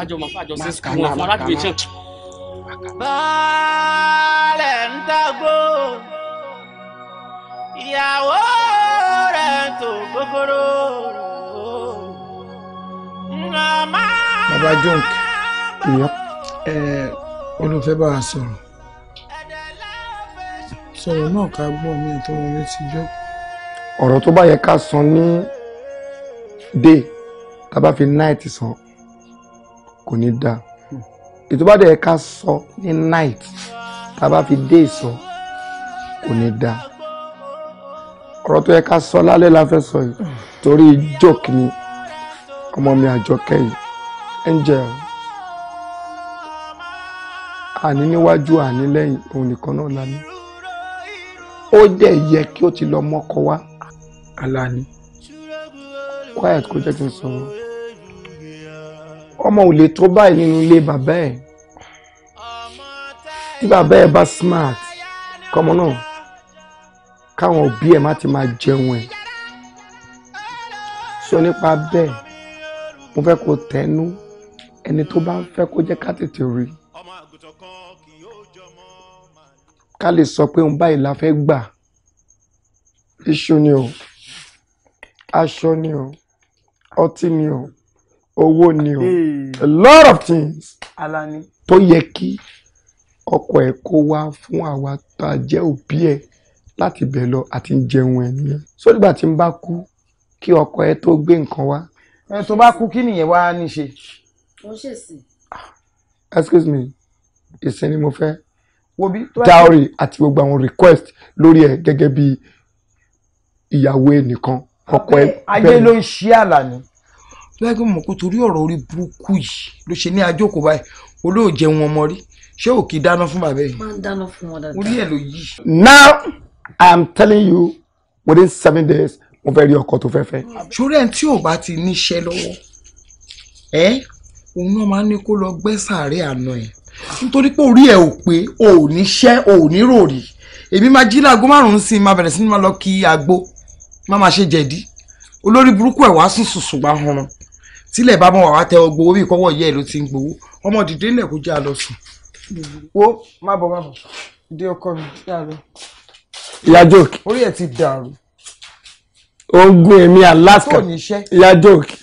àjọmọ̀fà àjọṣe school wọn fún baálẹ̀ ń dàgbò ìyàwó rẹ̀ tó gbogbooro. bàbá junk ẹ olùfẹ́ bá a sọ̀rọ̀ sọ̀rọ̀ náà ká gbọ́ mi tó wọn létí jọ́. ọ̀rọ̀ tó bá yẹ ká san ní day tá a bá fi night san kò ní dáa ètò bá dẹ̀ ká sọ ní night tá a bá fi dé ìsọ kò ní da ọ̀rọ̀ tó yẹ ká sọ lálẹ́ la fẹ́ sọ yìí torí joke ni ọmọ mi àjọkẹ́ yìí angel àní níwájú àní lẹ́yìn òun nìkan náà la ní ó dẹ̀ yẹ kí ó ti lọ mọ́kọ wá alani quiet kó jẹ́ kí n sọ̀rọ̀ ọmọ ò lè tó báyìí nínú ilé bàbá ẹ̀ tí bàbá ẹ̀ bá smart kọ́mọ náà káwọn òbí ẹ̀ má ti máa jẹun ẹ̀ sọ nípa bẹ́ẹ̀ mo fẹ́ kó tẹnu ẹni tó bá fẹ́ kó jẹ́ ká tètè rí ká lè sọ pé òun báyìí la fẹ́ gbà iṣu ni o aṣọ ni o ọtí ni o owó ni o a lot of things tó yẹ kí ọkọ ẹ kó wá fún àwa tá a jẹ́ òbí ẹ láti bẹ̀ lọ àti ń jẹun ẹ nìyẹn sódìgbà tí n bá kú kí ọkọ ẹ tó gbé nǹkan wá. ẹ tó bá kú kí nìyẹn wá ní ṣe. ó ṣèṣì. excuse me ìsìn ni mo fẹ́ dowry àti gbogbo àwọn request lórí ẹ gẹ́gẹ́ bí ìyàwó ẹnìkan ọkọ ẹ bẹ́ẹ̀. ayé ló ń ṣí àlà lọ́wọ́ pé mo kó torí ọ̀rọ̀ orí burúkú yìí ló ṣe ní ajókòó báyìí olóòjẹ wọn mọ rí ṣé ò kì í dáná fún bàbá yìí. máa ń dáná fún wọn dáadáa. orí ẹ ló yí. now i'm telling you within seven days mo fẹ́ rí ọkọ tó fẹ́ fẹ́. ṣúrẹ́ ẹni tí ò bá ti níṣẹ́ lọ́wọ́ ẹ òun náà máa ń ní kó lọ gbẹ́ sàárẹ̀ àná ẹ̀ nítorí pé orí ẹ̀ ò pé ò níṣẹ́ ò ní èmi máa jí láago márùn-ún sí i máa bẹ̀rẹ̀ sí ni máa lọ kí agbo máa máa ṣe jẹ̀dí olórí burúkú ẹ̀ wá sùn sùn sùn gbà hàn tílẹ̀ bá mọ̀ wá tẹ ọgbọ orí ìkọ́wọ́ yẹ́ ló ti ń gbowó ọmọ dìde ńlẹ̀ kó jẹ́ àlọ́ sùn. wo má bọ̀ má bọ̀ dé ọkọ mi yá lọ. ìyá jókè. orí ẹ̀ ti dàrú. ogun èmi Alaska ìyá jókè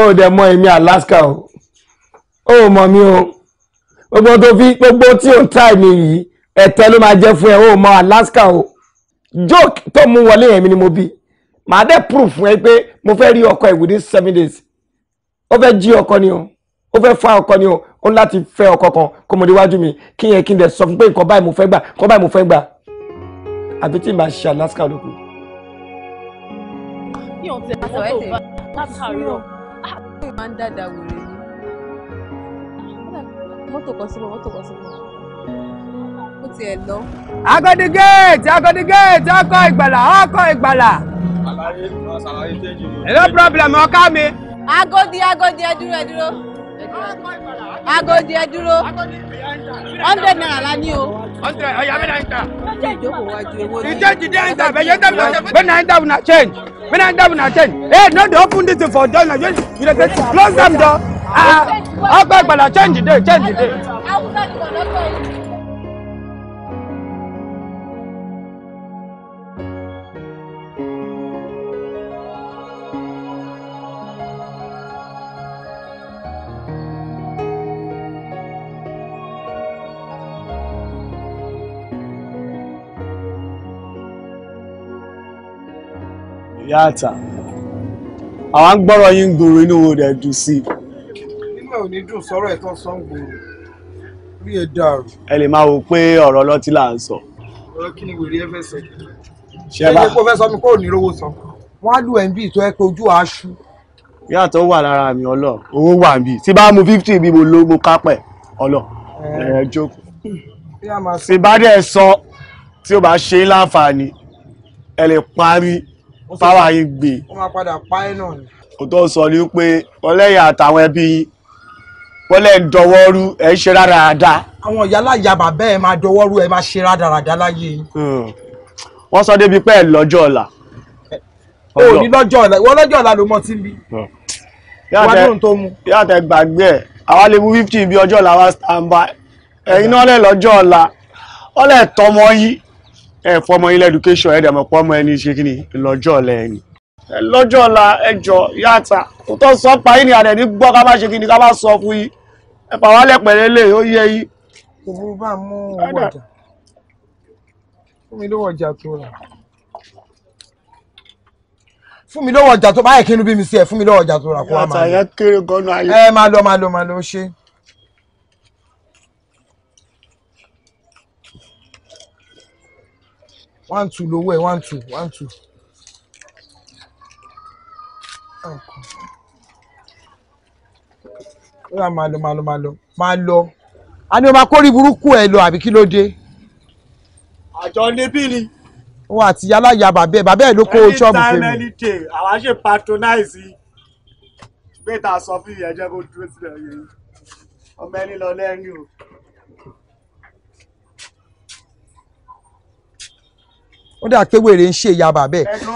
ó dẹ̀ mọ èmi Alaska o ó mọ̀ mi o gbogbo tó fi gbogbo tí ò ta èmi yìí ẹ̀tẹ́ ló máa jẹ́ fún ẹ ó mọ Alaska o jókè tó mú wọlé yẹn mi ni mo bí màá dẹ́ proof fún ẹ pé mo fẹ́ rí ọkọ ẹ̀ within seven days ó fẹ́ jí ọkọ ni o ó fẹ́ fa ọkọ ni o ó láti fẹ́ ọkọ kan kó mo déwájú mi kí yẹn kí n dẹ̀ sọ fún pé nǹkan báyìí mo fẹ́ gbà nǹkan báyìí mo fẹ́ gbà àbí tí màá ṣe alaska lóko. Agodi gate Agodi gate ọkọ̀ ìgbàlà ọkọ̀ ìgbàlà. no problem ọkọ mi. Agodi Agodi ẹ dúró ẹ dúró. Agodi ẹ dúró. Hundred naira la ní o. Hundred ọ̀yà bẹ́ẹ̀ náà ń ta. Ṣé ìjókòó wájú owó ni? Ìjẹ́ jìdí ẹ̀ ń ta bẹ̀yẹ̀ dàbí náà change. Bẹ́ẹ̀ náà ń dàbí náà change. Bẹ́ẹ̀ náà ń dàbí náà change. Hey no dey open this for door na you dey say close am door. Ọgbẹ́ ìgbàlà change dey change dey. Awúsá ni yàtà àwa gbọ́rọ̀ yín gbòòrò inú wo rẹ̀ dùn sí i. nígbà ò ní dùn sọ́rọ̀ ẹ̀ tán sàn gbòòrò rí ẹ dàrú. ẹ lè máa wò pé ọ̀rọ̀ ọlọ́tí là ń sọ. ọ̀rọ̀ kí ni wèrè ẹ fẹ́ sọ yìí. ṣé ẹ kó fẹ́ sọ mi kó ò ní rówó san. wọ́n á lù ẹ̀ ń bì tó ẹ pé ojú àṣù. yàtọ̀ wà lára mi ọlọ owó wà níbí tí bá mu fifty bí mo ló mo kápẹ̀ ọlọ ẹ jókòó. tí sọ tí ó bá ṣe láǹfààní ẹ lè parí fáwọn ayé gbé. ó máa padà pa ẹ́ náà ni. kò tó sọ ni pé ọlẹ́yìn àtàwọn ẹbí wọ́lẹ̀ ń dọwọ́rú ẹ̀ ń ṣe rádaràda. àwọn ìyá láyà bàbá ẹ̀ máa dọwọ́rú ẹ̀ máa ṣe rádaràda láyé. Hmm. wọ́n sọ débi pé ẹ̀ lọ́jọ́ ọ̀la. o ní lọ́jọ́ ọ̀la ìwọ lọ́jọ́ ọ̀la ló mọ tí ń bí. Hmm. yàtẹ̀ gbàgbé ẹ̀ àwa lè mú fifty bí ọjọ́ ọ̀la wa stand by ẹ̀yin náà lẹ̀ lọ́jọ́ ọ̀la ọ̀lẹ̀ tọmọ yìí ẹ fọmọ ilé education ẹ dẹ̀ mọ̀ pọ́mọ ẹni ṣe kí ni lọ́jọ́ ọ̀la ẹni. lọ́jọ́ ọ̀la ẹjọ́ yàtà kò tó sọ pa yín ni àdẹ̀ ní gbọ́ ká bá ṣe kí ni ká bá sọ fún yín ẹ pa wálẹ̀ pẹ̀lẹ́ lè ó yẹ yín. ìlú bá mú owó ọjà fún mi lówó ọjà tó rà fún mi lówó ọjà tó báyìí kí inú bí mi sí ẹ fún mi lówó ọjà tó rà kó wá máa lọ. yàtà yẹn kéré gan-an ayé. ẹ máa lọ máa lọ máa lọ ṣe. one two lówó ẹ̀ one two one two. ó yà máa lọ máa lọ máa lọ máa lọ a ní o máa kórìí burúkú ẹ lọ àbí kí ló dé. àjọ níbí ni wọn àti aláya bàbá ẹ bàbá ẹ ló kó ṣọ́ọ̀bù fún mi. any time any day àwa ṣe patronize bẹ́ẹ̀ ta sọ fún ìyẹn jẹ́ kó dúró sílẹ̀ yẹn ọmọ ẹni lọ lẹ́yìn o. ó dà pé wèrè ń ṣe ìyàbà bẹ́ẹ̀. ẹnu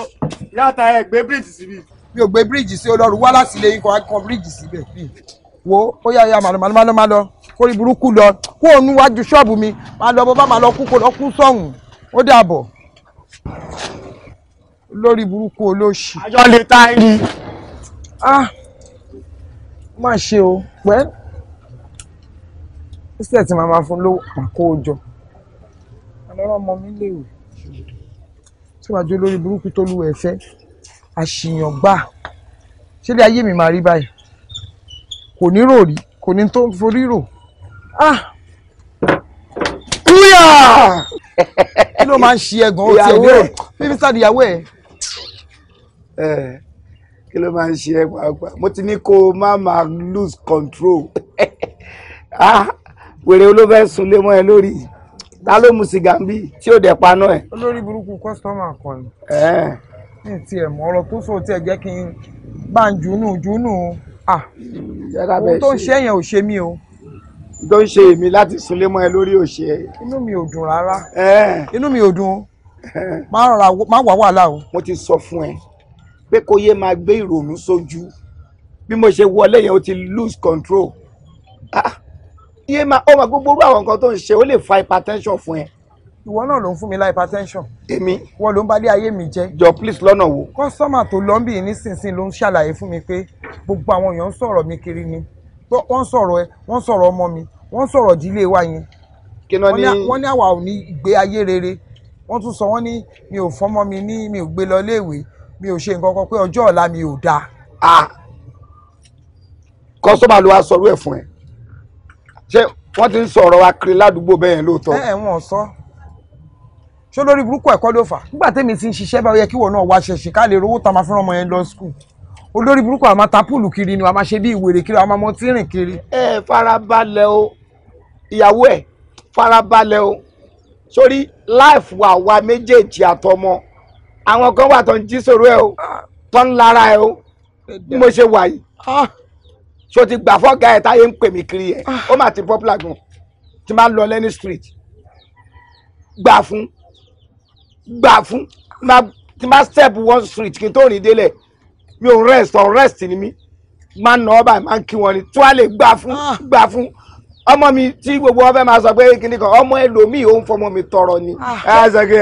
yàtà ẹ gbé bíríìjì síbi. mi ò gbé bíríìjì sí Ọlọ́run wá láti ilé yín kan kan bíríìjì síbẹ̀ wo ó yà ya màlúmàlú má lọ má lọ kórì burúkú lọ kó òun wájú ṣọ́ọ̀bù mi má lọ bó bá má lọ kú kó lọ kú sọ̀hún ó dàbọ̀ lórí burúkú olóṣì. àjọ lè ta ẹni. ah má ṣe o pẹ́ ìṣẹ̀ tí màá máa fún lówó àkójọ. àlọ́ ọmọ mi léwu síwájú olórí burúkú tó lu ẹ̀fẹ́ àṣìyàn gbà ṣé ilé ayé mi máa rí báyìí kò ní rò rí kò ní tó forí rò ah kúyà kí ló máa ń ṣe ẹ̀gbọ́n ó ti ẹ̀ ní rò bíbí sáà ìyàwó ẹ̀. kí ló máa ń ṣe ẹ̀gbọ́n àgbà mo ti ní kó o má máa lose control ah wèrè olóbẹ̀sùn lé mọ́ ẹ lórí yìí ta ló mu sìgá ń bí tí ò dẹ̀ paná ẹ̀. olórí burúkú kọ́sítọ́mà kan ni. ní ti ẹ̀ mọ ọ̀rọ̀ tó sọ tí ẹ jẹ́ kí n bá ń junú junú ah ohun tó ń ṣe yẹn ò ṣe mí o. tó ń ṣe èmi láti súnlé mọ́ ẹ lórí òṣè ẹ. inú mi ò dùn rárá inú mi ò dùn má wà wàhálà o. mo ti sọ fún ẹ pé kó yé máa gbé ìrònú sójú bí mo ṣe wọlé yẹn o ti lose control. Ah iye máa ọmọ gbogbo orú àwọn nǹkan tó ń ṣe ó lè fa hypertension fún ẹ. ìwọ náà ló ń fún mi lá hypertension. èmi. wọn ló ń balẹ̀ ayé mi jẹ́. jọ please lọ́nà wo. kọ́sọ́mà tó lọ́ńbì nísinsìnyí ló ń ṣàlàyé fún mi pé gbogbo àwọn èèyàn ń sọ̀rọ̀ mi kiri ni wọ́n sọ̀rọ̀ ẹ wọ́n sọ̀rọ̀ ọmọ mi wọ́n sọ̀rọ̀ ìdílé wa yẹn. kí ló ní wọ́n ní o ò ní ìgbé ayé rere wọ́n tún sọ wọ́n ní mi o fọ́mọ mi ní mi ò gbé lọ léèwé mi ò ṣe nǹkan kan pé ọjọ́ ọ̀la mi ò dáa. kọ́sọ́mà ah! ló wá sọ̀rọ̀ ẹ̀ fún ẹ ṣé wọ́n ti ń sọ̀rọ̀ wa kiri ládùúgbò bẹ́ẹ̀ lóòótọ́. ẹ ẹ wọn sọ ṣó lórí burúkú ẹ̀kọ́ ló fà nígbà tẹ́mi ti ń ṣiṣẹ́ báwo yẹ kí wọ́n náà wá ṣẹ̀ṣẹ̀ ká lè rówó tá a máa fẹ́ràn ọmọ yẹn lọ skul olórí burúkú àwọn máa ta púùlù kiri ni wàá máa ṣe bí ìwèrè kiri àwọn máa mọ tí rìn kiri. ẹ farabalẹ̀ o ìyàwó ẹ farabalẹ̀ o sórí láìfù àwa méjèèjì àtọmọ àwọn kan wà tó ń jí sòrò ẹ o ah. tó ń lára ẹ o bí mo ṣe wà yìí ah so ti gbà fọ́gà ẹ̀ táyé ń pè mí kiri ẹ̀ ah. ó mà ti popular gan ti máa lọ lẹ́ni street gbà fún gbà fún ti máa step one street kí n tó rìn délẹ̀ mi ò rest ọ̀ rest ni mi máa ń nà ọ́ báyìí máa ń kí wọn ni tí wàá lè gbà fún ah. gbà fún ọmọ mi tí gbogbo ọfẹ máa sọ pé kíní kan ọmọ ẹlòmíì ó ń fọmọ mi tọrọ ni ah. ẹ sọ pé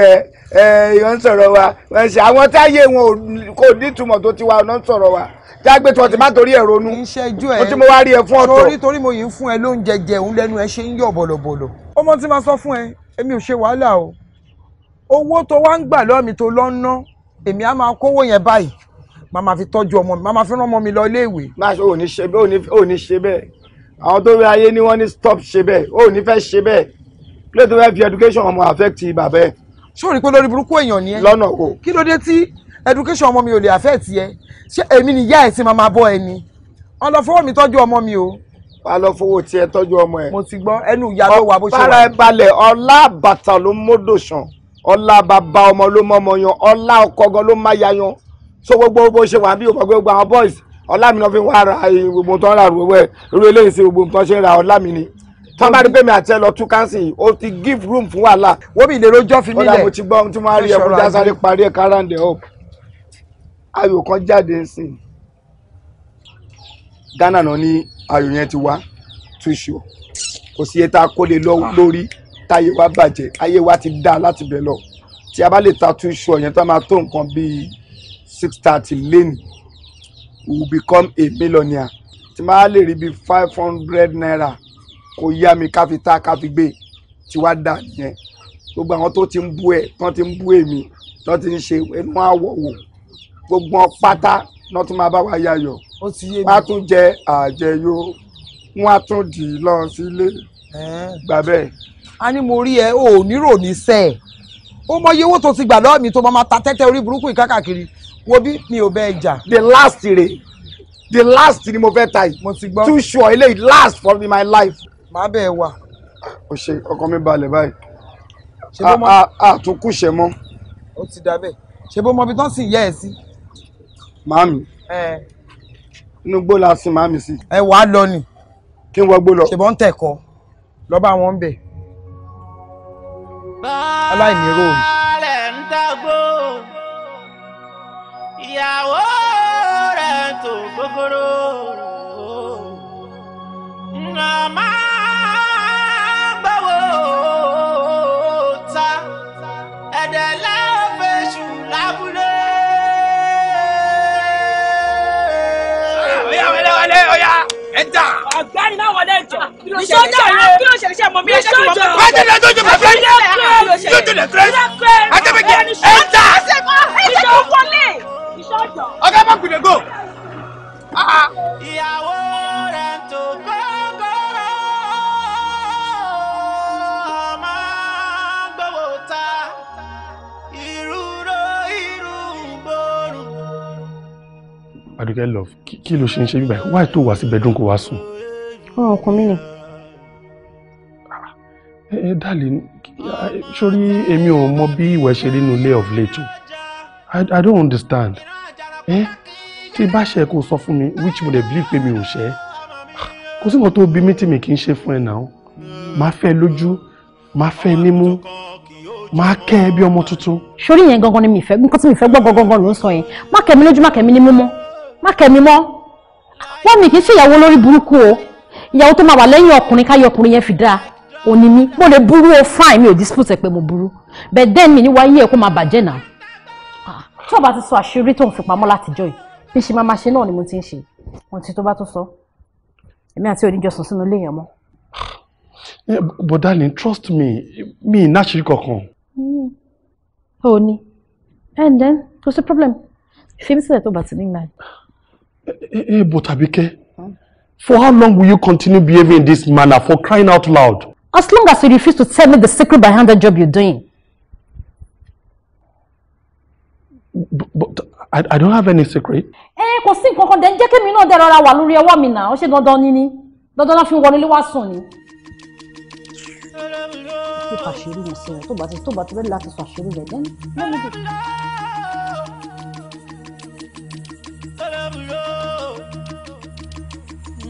ẹ ẹ yọ wa wọn ṣe àwọn táyé wọn kò nítumọ̀ tó ti wá ọ ń sọ̀rọ̀ wa tí a gbé tí wọn ti má torí ẹ ronú mo ti mo wá rí ẹ fún ọ̀tọ̀. torí torí mo yìí ń fún ẹ lóúnjẹ jẹ òun lẹ́nu ẹ ṣe ń yọ̀ bọ̀lọ̀bọ̀lọ̀. ọmọ tí máa sọ fún ẹ èmi ò ṣe wàhálà o owó tó wá ń gbà lọ́ọ̀mì tó lọ́ ń ná èmi á máa kówó yẹn báyìí màá fi tọ́jú ọmọ mi màá fi rán ọmọ mi lọ iléèwé. má ṣe ò ṣe bẹ́ẹ̀ ò ṣe bẹ́ẹ̀ àwọn tó rí ayé ni wọ́n ní stop ṣe bẹ́ẹ̀ ò fẹ́ ṣe bẹ́ẹ̀ play to help education ọmọ affect bàbá ẹ̀. ṣé o rí èèyàn ni ẹ. lọ́nà o. kí ló dé tí education ọmọ mi ò lè affect yẹ ṣé èmi nìyá ẹ̀ tí màá máa bọ́ ẹni wọ́n lọ fọwọ́ mi tọ́jú ọmọ mi o. wà á lọ fowó tiẹ̀ tọ́jú ọmọ ẹ̀. mo ti gbọ́ ẹnu ìyá ló wà bó ṣe wà. bára ẹ balẹ̀ ọlá àbàtà ló mọ́dò sàn ọlá bàbá ọmọ ló mọ́ ọmọ yan ọlá ọkọ gan ló má ya yan so gbogbo bó ṣe wà bí òkò gbogbo àwọn boys ọlá mi náà fi wá ra gbogbo tó ń ra rúwẹ́ irú eléyìí sí gbogbo tó ń ṣe ra ọlá mi ni tọ́ bá rí pé mi àti ẹ lọ tú kánsì o ti give room fún wàhálà. wọ́n mi ìlérò jọ́ fi nílẹ̀. ó dà mo ti gbọ́ ohun tí wọ́n á rí ẹ̀ fún dásáré parí ẹ̀ káràǹdẹ̀ hope ayò kan jáde sí Ghana náà ní ayò yẹn ti wá túṣọ kò sí ẹta kólé lórí táyé wa bàjẹ́ ayé wa ti dá láti bẹ̀ lọ tí a bá lè ta túṣọ yẹn tó máa tó nǹkan bíi six thirty lẹ́nìí we will become a billionaire. tí máa lè rí bíi five hundred naira kò yá mi ká fi ta ká fi gbé tí wàá dà yẹn gbogbo àwọn tó ti ń bú ẹ tán ti ń bú èmi tán ti ń ṣe ẹnu àwọ̀ gbogbo pátá náà tún máa bá wa yayọ̀ wọ́n á tún jẹ àjẹyó wọ́n á tún dì í lọ sílé gbà bẹ́ẹ̀. a ní mo rí ẹ o ò nírò ní sẹ ó mọyì owó tó ti gbà lọ́wọ́ mi tó máa ta tẹ́tẹ́ orí burúkú yìí káàkiri wo bí mi ò bẹ́ẹ̀ jà. the last re the last ni mo fẹ́ ta yìí. mo ti gbọ́ too sure eléyìí last for me my life. màá bẹ́ẹ̀ wà. o ṣe ọkàn mi balẹ̀ báyìí. ṣe bó mọ àtúnkùṣe mọ́. ó ti dà bẹ́ẹ̀ ṣe bó mọ ibi tán sì yẹ ẹ sí. Mami. inú gbó la sin Mami. sí. ẹ wàá lọ ni. kí n wọ gbó lọ. ṣùgbọ́n tẹ̀kọ́ lọ́ba wọn ń bẹ̀. aláìní ń dàgbò ìyàwó rẹ̀ tó gbogbooro ọmọ. ẹ dà. ọ̀gbẹ́ni náà wọlé jọ ìṣọjà rẹ kí ló ṣe ṣe mọ mi ẹṣẹ ìwọ kan. wọ́n ti lọ sójú bàbá yìí yóò tún lè tẹ́lẹ̀ àtẹ̀bẹ̀jẹ̀ ẹ dà. ọ̀gá bá gbìdégbò. ìyàwó rẹ̀ tó bẹ́ẹ̀. Adúkẹ́ love kí ló ṣe ń ṣe bíbáyìí wáyé tó wá sí bedroom kó wá sùn. ọ̀rọ̀ ọkàn mi ni. ẹ ah, eh, eh, dálé sórí èmi ò mọ bí ìwẹ̀ ṣe nínú ilé of late o I don't understand ẹ eh, tí bá ṣe kó sọ fún mi which would have believed pé mi ò ṣe ah, kò sí mo tó bí mítì mi kì í ṣe fún ẹ náà máa fẹ́ lójú máa fẹ́ nímú máa kẹ́ ẹ bí ọmọ tuntun. sórí yẹn gangan ni mi fẹ́ nǹkan tí mi fẹ́ gbọ́ gangan ló ń sọ yẹn má kẹ́ mi lójú má kẹ́ mi nímú mọ́ má kẹ́mi mọ́ wọ́n mi kì í ṣe ìyàwó lórí burúkú o ìyàwó tó máa wà lẹ́yìn ọkùnrin káyọ̀ ọkùnrin yẹn fi dáa òní mi mo lè burú o fine mi ò dispute ẹ pé mo burú bẹ́ẹ̀ dẹ́n mi níwáyé ẹ̀ kó máa bàjẹ́ náà ah, tí o bá ti sọ àṣírí tó ń fi pamọ́ látijọ́ yìí bí ṣe máa ma ṣe náà ni mo ti ń ṣe wọn ti tó bá tó sọ èmi àti oníjọ sùn sínú ilé yẹn mọ́. Eh, but darling trust me me ì náṣìírí kankan. o hmm. ní and then kò sí problem fi mí sílẹ̀ tó bá ti ní ìlànà. Hey, eh, eh, eh, but Abike, for how long will you continue behaving in this manner for crying out loud? As long as you refuse to tell me the secret behind the job you're doing. But, but I, I don't have any secret. Eh, kò sí nǹkan kan dẹ̀ ń jẹ́ kémi náà dẹ̀ rọra wà lórí ẹwọ́ mi náà, ó ṣe dandan ni ni. Dandan náà fi wọlé lé wá sùn ni. Ṣé pàṣírí mi sí ẹ̀ tó bá ti tó bá ti rẹ́ láti sọ àṣírí rẹ̀ dẹ́nu?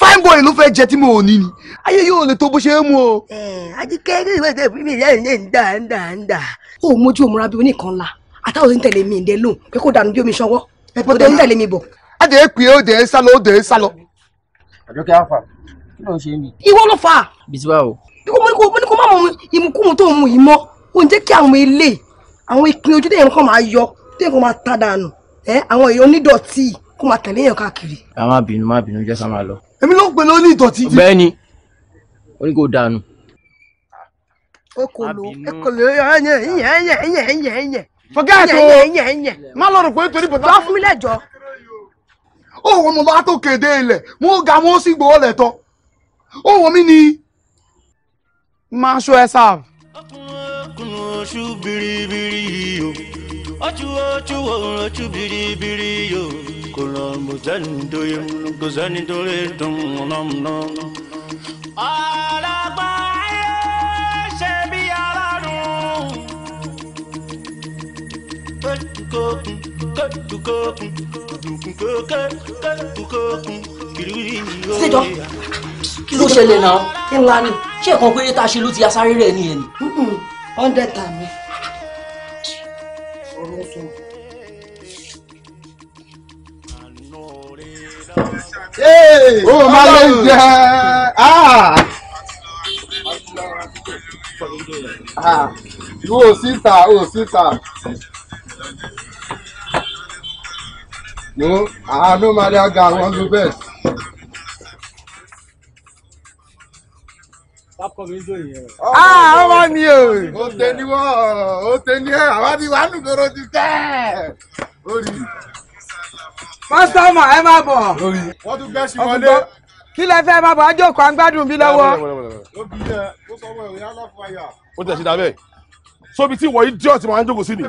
fine boy ló fẹ́ jẹ tí mo ò ní ni ayé yóò lè tó bó ṣe é mu o. ajíkẹ́ kí ìwé ìtẹ̀ fún mi ìyá ìyá ń dà ń dà ń dà. ó mojú òmùra bíi oníkan la àtàwọn òsì ń tẹ̀lé mi ìdẹ lóhùn pé kó dànù bí omi ṣọwọ́ ó dẹ̀ ń tẹ̀lé mi bọ̀. a dẹ̀ pè é ó dẹ̀ ń sálọ ó dẹ̀ ń sálọ. àjọkẹ́ alfa kí ló ń ṣe mí. ìwọ ló fà. bisiwa o. mo ní kó má mọ ìmukúmu tó ń mu ìmọ ó ń jẹ́ kí àwọn ilé àwọn ìpín ojú kó máa tẹ̀lé èèyàn káàkiri. a má bínú má bínú jẹ́ sá máa lọ. èmi ló ń pè lóní ìdọ̀tí. bẹ́ẹ̀ni ó ní kó dànù. ekolo ekolo ẹyẹ ẹyẹ ẹyẹ ẹyẹ ẹyẹ ẹyẹ. forget o má lọ rò pé torí bàbá. jọ fún mi lẹ́jọ́. ó wọ mo bá tó kéde ilẹ̀ mo ga mo sì gbowó lẹ̀ tọ́ ó wọ mí ni. máa ṣọ ẹ sáà. ọkùnrin oṣù biribiri yìí o ojú ojú òòrùn ojú biribiri yìí o kula muzani doye muzani doye dum nam nam. alagba ayé ṣe bí alárùn. kẹ́tùkọ́kùn kẹ́tùkọ́kùn kẹ́tùkọ́kùn kẹ́tùkọ́kùn kìrìkìrì yóò yà. kí ló ṣẹlẹ̀ náà ńlá ni ṣé ẹ̀kan péré tá a ṣe ló ti asáré rẹ̀ nìyẹn ni. hundred times. ọ̀rọ̀ sọ. ó máa lè Ah! Ah! Oh sister! Oh sister! no ah no matter guy i wan do best. Ah, ọmọ ni o. Ó tẹ ní wọ́ọ̀, ó tẹ ní ẹ̀, àwọn ti wà to go to the Ó Oh. i pásítọ̀mù ẹ má bọ̀. wọ́n tún gbẹ́sì wọlé. kí lẹ fẹ́ máa bọ̀ ajókòó à ń gbádùn bí lọ́wọ́. ó tẹ̀sí dábẹ́ sóbi tí ìwọ idiot máa ń jókòó sí ni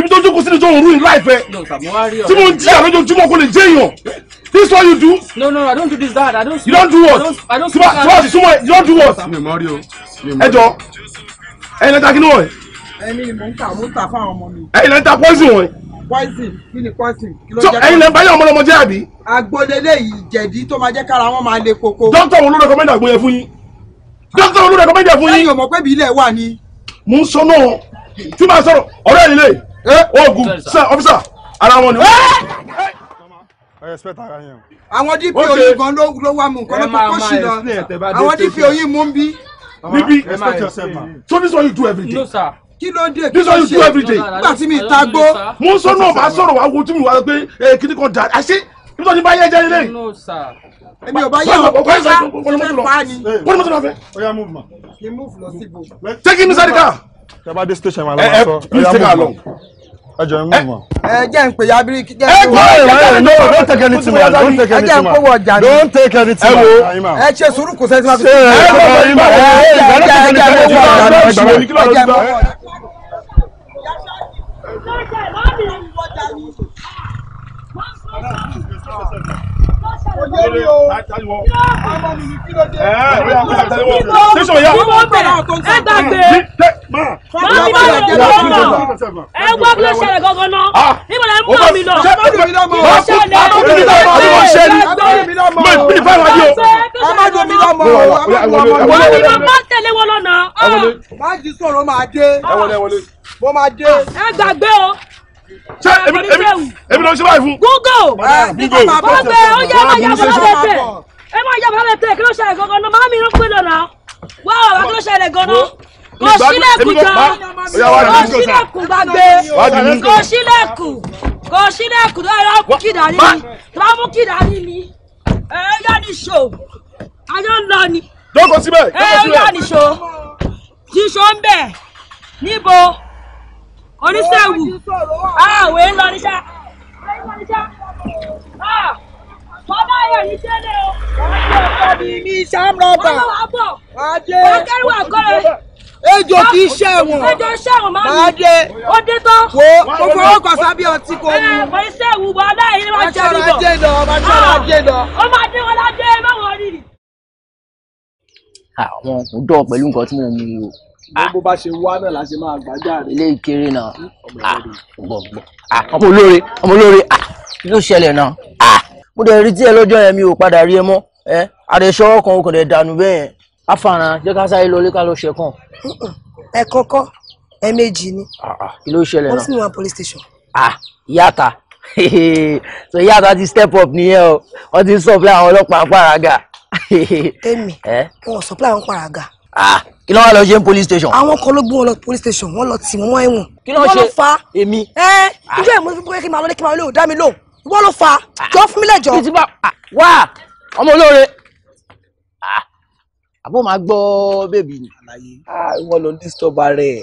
ibi tó jókòó sí ni tó ń ruin life ẹ tí mo ń jí àlójoojúmọ́ kò lè jẹ́ èèyàn this is what you do. no no i don't do this dad i don't. you don't do what. i don't smoke i don't smoke you don't do what. ẹ jọ ẹyin lẹ́ta kí ni wọ̀nyí. ẹni mò ń ta mò ń ta fáwọn ọmọ mi. ẹyin lẹ́ta poison wọ̀nyí poison kí ni poison. so ẹyin lè ń báyọ̀ ọmọlọmọ jẹ́ àbí. agbódélé yìí jẹ̀dí tó máa jẹ́ kára wọn máa le koko. dókítà wo ló rẹkọmẹ́ndà àgbo yẹn fún yín dókítà wo ló rẹkọmẹ́ndà fún yín. ẹyin ò mọ̀ pé bí ilẹ̀ wà ni. mo ń sọnù ọ tí màá sọ̀rọ̀ ọ̀rẹ́ ìlé eh? oògùn sir officer ara wọn ni. Eh? àwọn dp oyin gan ló wà mú nǹkan ló kókó sí lọ àwọn dp oyin mú ń bí. níbi tó ní sọ yìí do everything. no sir kí ló dé kí ló ṣe this is what you do every day. nígbà tí mi ta gbó. mo ń sọ́nà ọ̀bá sọ̀rọ̀ wá wo tí mi wá pé kíní kan dà àṣé níbi tó ní bá yẹ jẹ́ ilé. èmi ò bá yẹ o kò sá ṣe pa ni. wọ́n ní mọ́tò lọ fẹ́. ó yá move ma. kí n move lọ sí ibo. take him inside the car. kaba de station ma lọ́wọ́ sọ. please take her along. ẹ jẹ́ ń mú ma. ẹ jẹ́ ń pè ya ẹ jẹ́ ń pè ya don't take anything man don't take anything man. ẹ jẹ́ ń pòwọ́ ọjà don't take anything man. ẹ ṣe sùúrù kò sẹ́ni tí wọ́n fi. ẹ jẹ́ ń pòwọ́ ọjà mi. ẹ jẹ́ ń pòwọ́ ọjà mi. Mo máa dé. Ẹ gbàgbé o ṣé èmi èmi ló ń ṣe báyìí fún. gúgò gúgò bọ́ọ̀bẹ ó yá máa yá bọ́ọ̀bẹ tẹ̀ ẹ máa yá bọ́ọ̀bẹ tẹ̀ kí ló ṣe àgọ́gọ́ náà máa ló pé lọ́nà wá wà wá kí ló ṣe àlẹ́ gan kò sílẹ̀kùn jọ kò sílẹ̀kùn bá kò sílẹ̀kùn kò sílẹ̀kùn tó yẹ kó kìdá ní mi tó bá mú kìdá ní mi ẹ yá ní ṣò ayọ̀ ń lọ ni. dọ́kọ̀ síbẹ̀ dọ́kọ̀ síbẹ̀ ẹ yá ní ṣò jíṣọ́ ń bẹ̀ níbo oníṣẹ́wù àwọn ah, èèyàn lọ níṣẹ́ ah, bọ́dá yẹ̀ ní tẹ́lẹ̀ o. ọ̀bí mi ṣàmùrọ̀bà ajé ọ̀kẹ́rùwà kọ́lẹ̀. ejò kì í ṣẹ̀wọ̀n ejò ṣẹ̀wọ̀n máa ń dé ó dé tán. wo o fọwọ́ kàn sábẹ́ ọtí kò mú. ẹ eh, kò í ṣẹ̀wù bọ́dá yìí máa ṣe rúbọ. bàṣẹ ajé lọ bàṣẹ ajé ah, lọ. ó máa dé wọn lájẹ báwọn rí. àwọn kò dọ̀ pẹ̀lú nǹkan tí mo mú o bó bá ṣe wá náà la ṣe máa gbájà rẹ. ilé ìkéré náà ọmọ ah, olóore ah, ọmọ olóore ah, kí ló ṣẹlẹ̀ náà mo dẹ̀ rí tí ẹ lọ́jọ́ yẹn mi ò padà rí ẹ mọ́ ẹ eh, àdẹ̀ṣọ́ kan kò dẹ̀ dànù bẹ́ẹ̀ yẹn afàràn jẹ́ ká sáré lọlé ká lọ ṣẹ̀kàn. ẹ kọ́kọ́ ẹ méjì ni. kí ló ṣẹlẹ̀ náà. wọ́n sì wá police station. yàtà so yàtà ti step up nìyẹn o wọ́n ti supply àwọn ọlọ́pàá paraga. èmi eh? wọn supply àwọn paraga kí ló wá lọ ṣe ń police station. àwọn kan ló gbé wọn lọ police station wọn lọ tì wọn mọ ẹ̀wọ̀n. kí ló ṣe èmi. ẹ ìjọ ìmọ̀ fún kí n máa lọ kí n máa lọ dá mi lò wọ́n ló fa ah. jọ fún mi lẹ́jọ́. bí ti bá ah, wá ọmọ olóore ah, àbó máa gbọ́ bèbí ni. àlàyé wọn ló ń disturb ara ẹ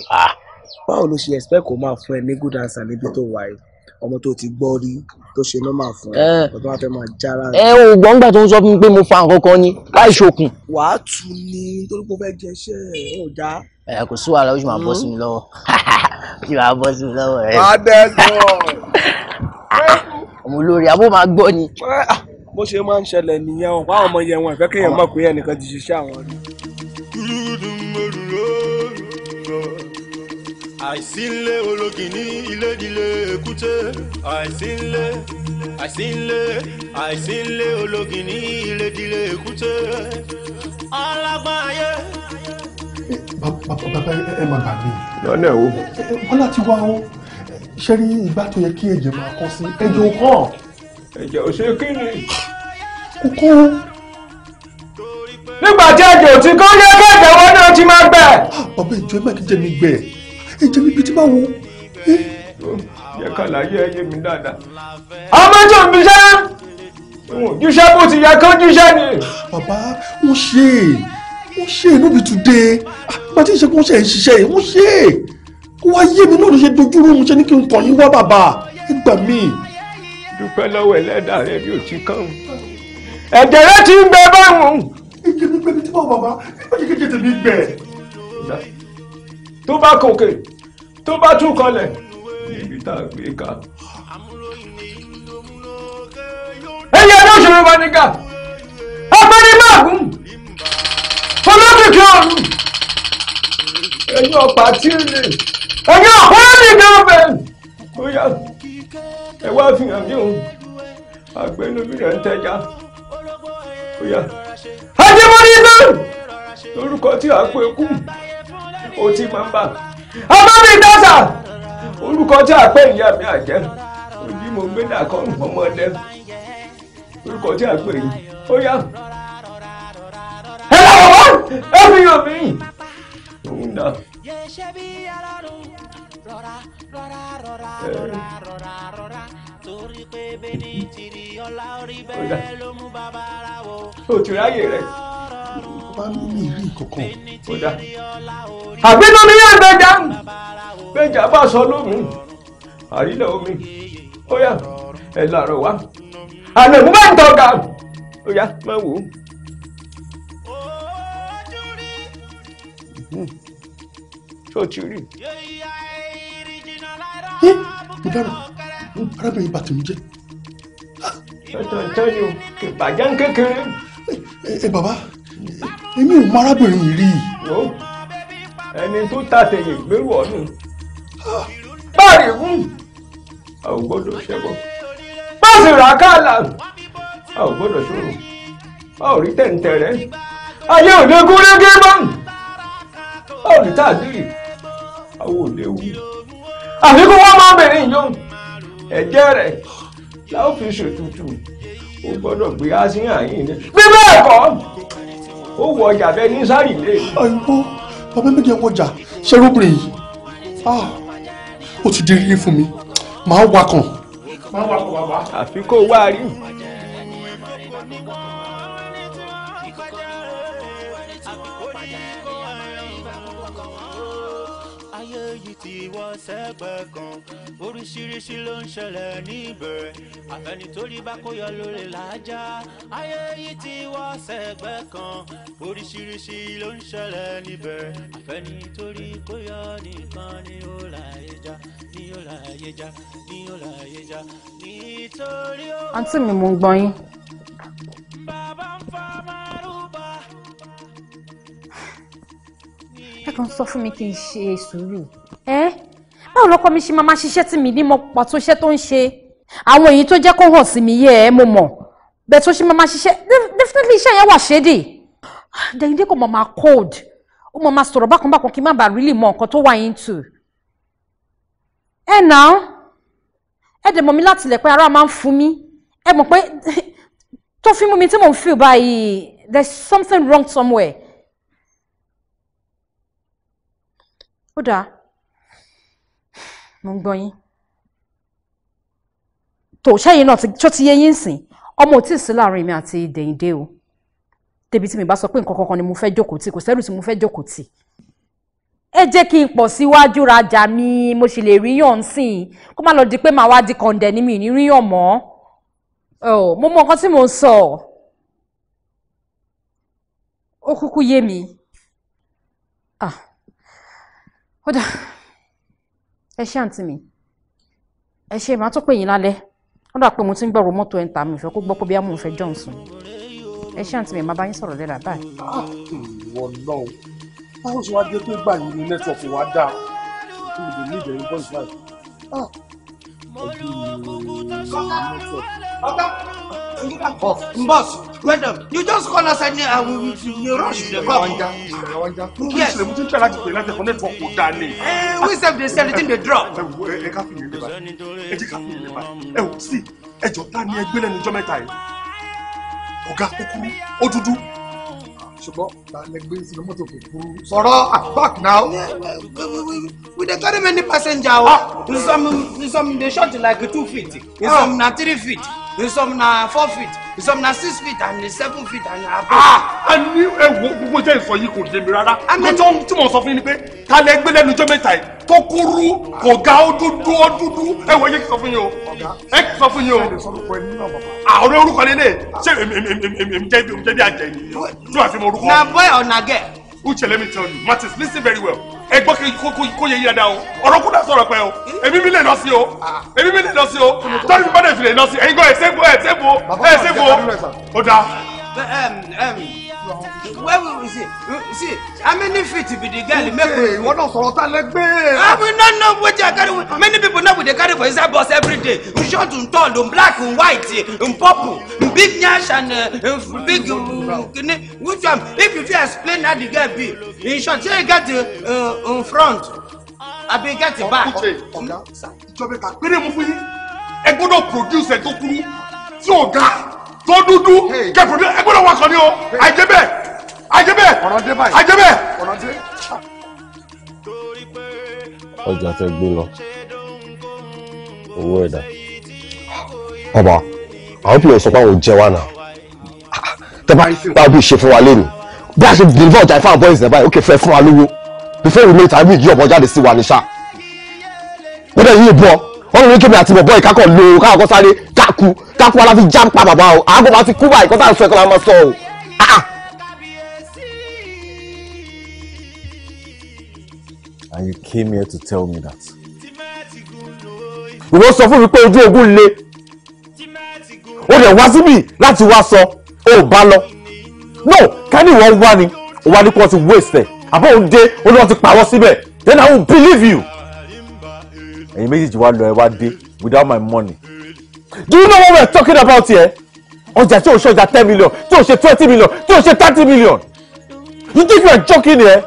báwo ló ṣe expect kó máa fún ẹ ní good answer níbi tó wà yìí ọmọ tó ti gbọ́ rí tó ṣe nọ́mà fún ẹ ọ̀tọ́ eh. wa fẹ́ máa jára. ẹ eh, ò gbọ́n tó ń sọ fún mi pé mo fa nǹkan kan ni láì ṣokùn. wàá tù ní nítorí pé ó fẹ́ jẹ iṣẹ́ ẹ̀ ò dá. ẹ eh, kò sí wàhálà ó sì máa bọ́ sí mi lọ́wọ́ sì máa bọ́ sí mi lọ́wọ́ rẹ. máa bẹ ọmọ olórí àbó máa gbọ́ ni. bó ṣe máa ń ṣẹlẹ̀ nìyẹn wọn báwọn ọmọ yẹn wọn ìfẹ́ kéèyàn mọ̀ pé ẹnìkan ti ṣiṣẹ́ àwọn àìsí ńlé ológin ní ilédìlé èkúté àìsí ńlé àìsí ńlé àìsí ńlé ológin ní ilédìlé èkúté alágbáyé. Eh, bàbá ẹ má gbàgbé. lọ́nà ẹ̀ wo. bọ́lá ti wá o ṣé rí ìgbà tó yẹ kí ẹ̀jẹ̀ máa kọ́ sí ẹ̀jẹ̀ ò kọ́. ẹ̀jẹ̀ ò ṣe kí ni. kò kọ́ o. nígbà tí ẹ̀jẹ̀ ò ti kọ́ yẹ kí ẹ̀jẹ̀ wọn náà ti máa gbẹ. bàbá ìjọ ẹ má kí jẹ́ mi gbẹ ẹ̀jẹ̀ mi bíi ti báwo. yẹ ká láyé ẹyẹ mi dáadáa. ọmọ tó ń bíṣẹ́ jíṣẹ́ bó ti yẹ kó jíṣẹ́ ni. bàbá wọ́n ṣe wọ́n ṣe inú mi tún dé bá tí ì ṣe kó ṣe ń ṣiṣẹ́ wọ́n ṣe kó wá yé mi náà ló ṣe dojúrú mo ṣe ní kí n kàn yín wá bàbá ẹ gbà mí. dúpẹ́ lọ́wọ́ ẹlẹ́dàá rẹ bí ò ti kàn án. ẹ̀jẹ̀ rẹ ti ń gbẹ báwọn. ìjẹ́ mi gbẹ mi tí wọ́n bàbá ìjẹ́ mi gbẹ. tó bá kòkè tó bá tún kọlẹ̀ ibi tá a gbé ká. ẹyẹ olóṣèlú bá ní ká agbẹ́ni máa gùn olókìkí ọ̀run ẹ̀yìn ọ̀pá tí ń lè ẹ̀yìn ọ̀pọ̀lọ́ ní gẹ́gẹ́ ó yá ẹ wá fi hàn mí òun agbẹ́nubí rẹ̀ ń tẹ́já ó yá. ajẹ́mọ́ni náà lórúkọ tí a pè kú ó ti máa ń bà ọmọ mi dáṣà orúkọ tí a pè ìyá mi àjẹ́ òbí mo gbé dàkọ́rùn ọmọdé orúkọ tí a pè yìí ó yá ẹ lọ́wọ́ ẹ fi hàn mí òun dà. torí pé ráyè rẹ̀ fámìlì rí kankan. kódà àbínú mi yá gbẹjà gbẹjà bá sọ lómi àrílẹ̀ omi ó yá ẹ̀ làárọ̀ wá àlẹ́ mú bá ń tọ́ka ó yá má wò ó. tó ti rí. mo dára arábìnrin bàtà mi jẹ. ẹ tọ́ ẹ tọ́ ni o ìbàjẹ́ ń kékeré. ẹ bàbá èmi ò mọ arábìnrin yìí rí. ẹni tó tàtẹ̀yìn gbèrú ọ̀nù báàrí gùn a ò gbọ́dọ̀ ṣẹbọ báàsì rà káàlà a ò gbọ́dọ̀ ṣòro a ò rí tẹ̀ǹtẹ̀ rẹ ayé ò lè gún régé mọ́ a ò rí tàdírì a ò lè wú àfikún wọn máa bẹ̀rẹ̀ ìyọ ẹ̀jẹ̀ rẹ̀ la ó fi ṣètùtù o gbọ́dọ̀ gbé aṣíhàn yìí ni bí bẹ́ẹ̀ kọ́ ó wọ ọjà bẹ́ẹ̀ ní sáré ilé. àyùbọ bàbá méje wọjà ṣẹrúbìnrin yìí ah, ó ti di rí fún mi màá wakàn. màá wakàn bàbá. àfi kó wá rí. ayé yìí ti wọ́n sẹ́gbẹ̀ẹ́ kan oríṣiríṣi ló ń ṣẹlẹ̀ ní ìbẹ̀rẹ̀ àfẹni tó rí bá kó yọ lórí làájá ayé yìí ti wọ́ sẹ́gbẹ́ kan oríṣiríṣi ló ń ṣẹlẹ̀ níbẹ̀rẹ̀ àfẹni tó rí kó yọ nìkan ni ó láyé já ni ó láyé já ni ó láyé já nítorí ó. àǹtí mi mò ń gbọ́ yín. bàbá ń fa márùbá. ẹ kàn sọ fún mi kí n ṣe sùúrù. ẹ́ eh? báwo lọ́kọ mi ṣe máa máa ṣiṣẹ́ tì mí ní mo pàtó iṣẹ́ tó ń ṣe àwọn èyí tó jẹ́ kó hàn sí mi yẹ ẹ́ mo mọ̀ bẹ́ẹ̀ tó ṣe máa máa ṣiṣẹ́ definitely iṣẹ́ yẹn wà ṣédì Dẹ̀yìndé kò mọ̀ máa cold ó mọ̀ máa sọ̀rọ̀ bákan bákan kí n má bàa really mọ nǹkan tó wà into ẹ̀ náà ẹ̀ dẹ̀ mọ̀ mi láti lẹ̀ pé ara máa ń fún mi ẹ̀ mọ̀ pé tó fi mú mi tí mò ń feel báyìí there's something wrong somewhere. ó dáa mo ń gbọ́ yín tó ṣẹ́yìn náà tó ti yé yín sìn ọmọ ò tí ì sí láàrin mi àti dèyìndé o débi tí mi bá sọ pé nǹkan kankan ni mo fẹ́ jókòó tì kò sẹ́rù tí mo fẹ́ jókòó tì ẹ jẹ́ kí n pọ̀ síwájú rajà mi mo sì lè ríyàn sìn kó má lọ di pé màá wá di kọ̀ǹdẹ̀ ni mi ní ríyàn mọ́ mo mọ nǹkan tí mo ń sọ ó kúkú yé mi ó dà ẹ ṣé àǹtí mi ẹ ṣé màá tó pè yín lálẹ́ wọ́n dà pé mo ti ń gbọ́rọ̀ mọ́tò ẹ̀ ń ta mi ìfẹ́ kó gbọ́ pé bí amú ìfẹ́ Johnson ẹ ṣé àǹtí mi màá bá yín sọ̀rọ̀ lẹ́la báyìí. ìwọ náà báwo ṣe wá dé pé gbà yín ní nẹ́tíwọ̀kì wá dáa kí ni the leader in voice life. Boss, madam, you just call us and we will rush the call. Yes. We ti ń tẹ̀lé láti pè the ẹ̀kọ́ network kò dáa ni. We sef dey sell the drop. Ẹ wo ẹ ká fi yẹn lé báyìí, ẹ eh, jẹ́ ká fi yẹn lé báyìí. Eh, ẹ wò sí ẹjọ́ ta ni ẹgbẹ́ lẹ́nu ọjọ́ mẹ́ta yìí. Ọ̀gá kúkúrú, ó ṣùgbọ́n lálẹ́ gbé mọ́tò kò burú sọ̀rọ̀ ah, back now. we dey carry many passengers o. Oh. Ah, in some some dey short like two feet in ah. some na three feet some na four feet some na six feet and seven feet and above. Ah, a ní ewu gbogbo tẹ́ ìsọ yìí kò yé mi rárá mo tọ́ tí mo sọ fún yín ni pé ta lẹ gbé lẹ́nu jọ́ mẹ́ta yìí tó kúrú kò ga ó dúdú ó dúdú ẹ wọ yé kí sọ fún yín o ẹ kí sọ fún yín o àwọn ah, orúkọ nílé ṣé èmi jẹ́ bí ajẹ́ yìí tí wàá fi mọ orúkọ. na boy or na girl. uche let me tell you Martins listen very well ẹ gbọ́ kó yẹ yí dada o ọ̀rọ̀ kúndà sọ̀rọ̀ pẹ́ o èmi mi lè lọ sí o èmi mi lè lọ sí o tọ́lú mi bá dẹ̀ fi lè lọ sí ẹ̀yin gbọ́ ẹ̀ ṣẹ́gun ẹ̀ ṣẹ́gun ẹ̀ ṣẹ́gun o da. Well, see, see, how many feet be the girl make we? Ìwọ náà sọ̀rọ̀ tá lẹ́gbẹ́. I will not know what I carry. Many people know what they carry for inside bus every day. short, in tall, in black, in white, in purple, in big nyash and uh, big kini. Uh, Which one? If you fit explain how the girl be. In short, say you get uh, in front, abi get back. Ọ̀gá, ìjọba ìta péré mú fún yín. Ẹ gbọ́dọ̀ produce ẹ̀ tó kú tí ò ga tó dúdú kẹ́ produce ẹ gbọ́dọ̀ wakọ̀ ni o àìjẹ́ ajẹ́bẹ̀ ajẹ́bẹ̀. ọjà tẹ gbé lọ owó ẹ̀dá. ọba àwọn pìlẹ̀ sọ pé àwọn ò jẹ́ wa náà tẹ bá bá bí ṣe fún wa lẹ́nu bí a ṣe deliver ọjà ìfáwọn boys ẹ̀ báyìí ó kè fẹ́ fún wa lówó before we meet àbí ìjì ọ̀bọ jáde sí wa ní ṣá. wọ́n dẹ̀ yín bọ̀ wọ́n lè ní kébì àti bọ̀bọ̀ ìkákọ̀ lo káàkọ́ sáré káku káku aláfi já pa bàbá o àgọ́ bá ti kú báyìí kọ́tà ń sọ ẹ̀kọ́ la máa sọ o. Ah, ah. and you came here to tell me that. ìwọ sọ fún mi pé ojú ogun le o lè wá síbí láti wá sọ o ò bá lọ no ká ní ìwọ wá ni o wá ní kí wọ́n ti waste ẹ̀ àbọ̀ òun dé ó ní wọ́n ti pàwọ́ síbẹ̀ then I will believe you. ẹ̀yin méjèèjì wá lọ ẹ wá dé without my money do you know what we are talking about here ọjà tí o ṣe ọjà ten million tí o ṣe twenty million tí o ṣe thirty million you think you are joking here.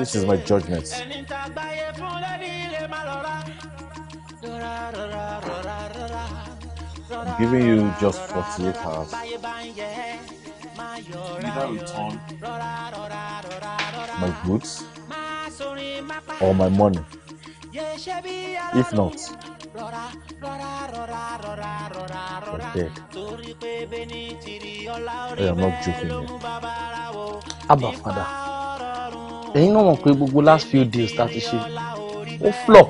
This is my judgment. I'm giving you just 48 hours. Either return my goods or my money. If not, you're dead. I am not joking. Here. Abba, Father ẹ̀yin náà mọ̀ pé gbogbo last few days ta ti ṣe ó flọ̀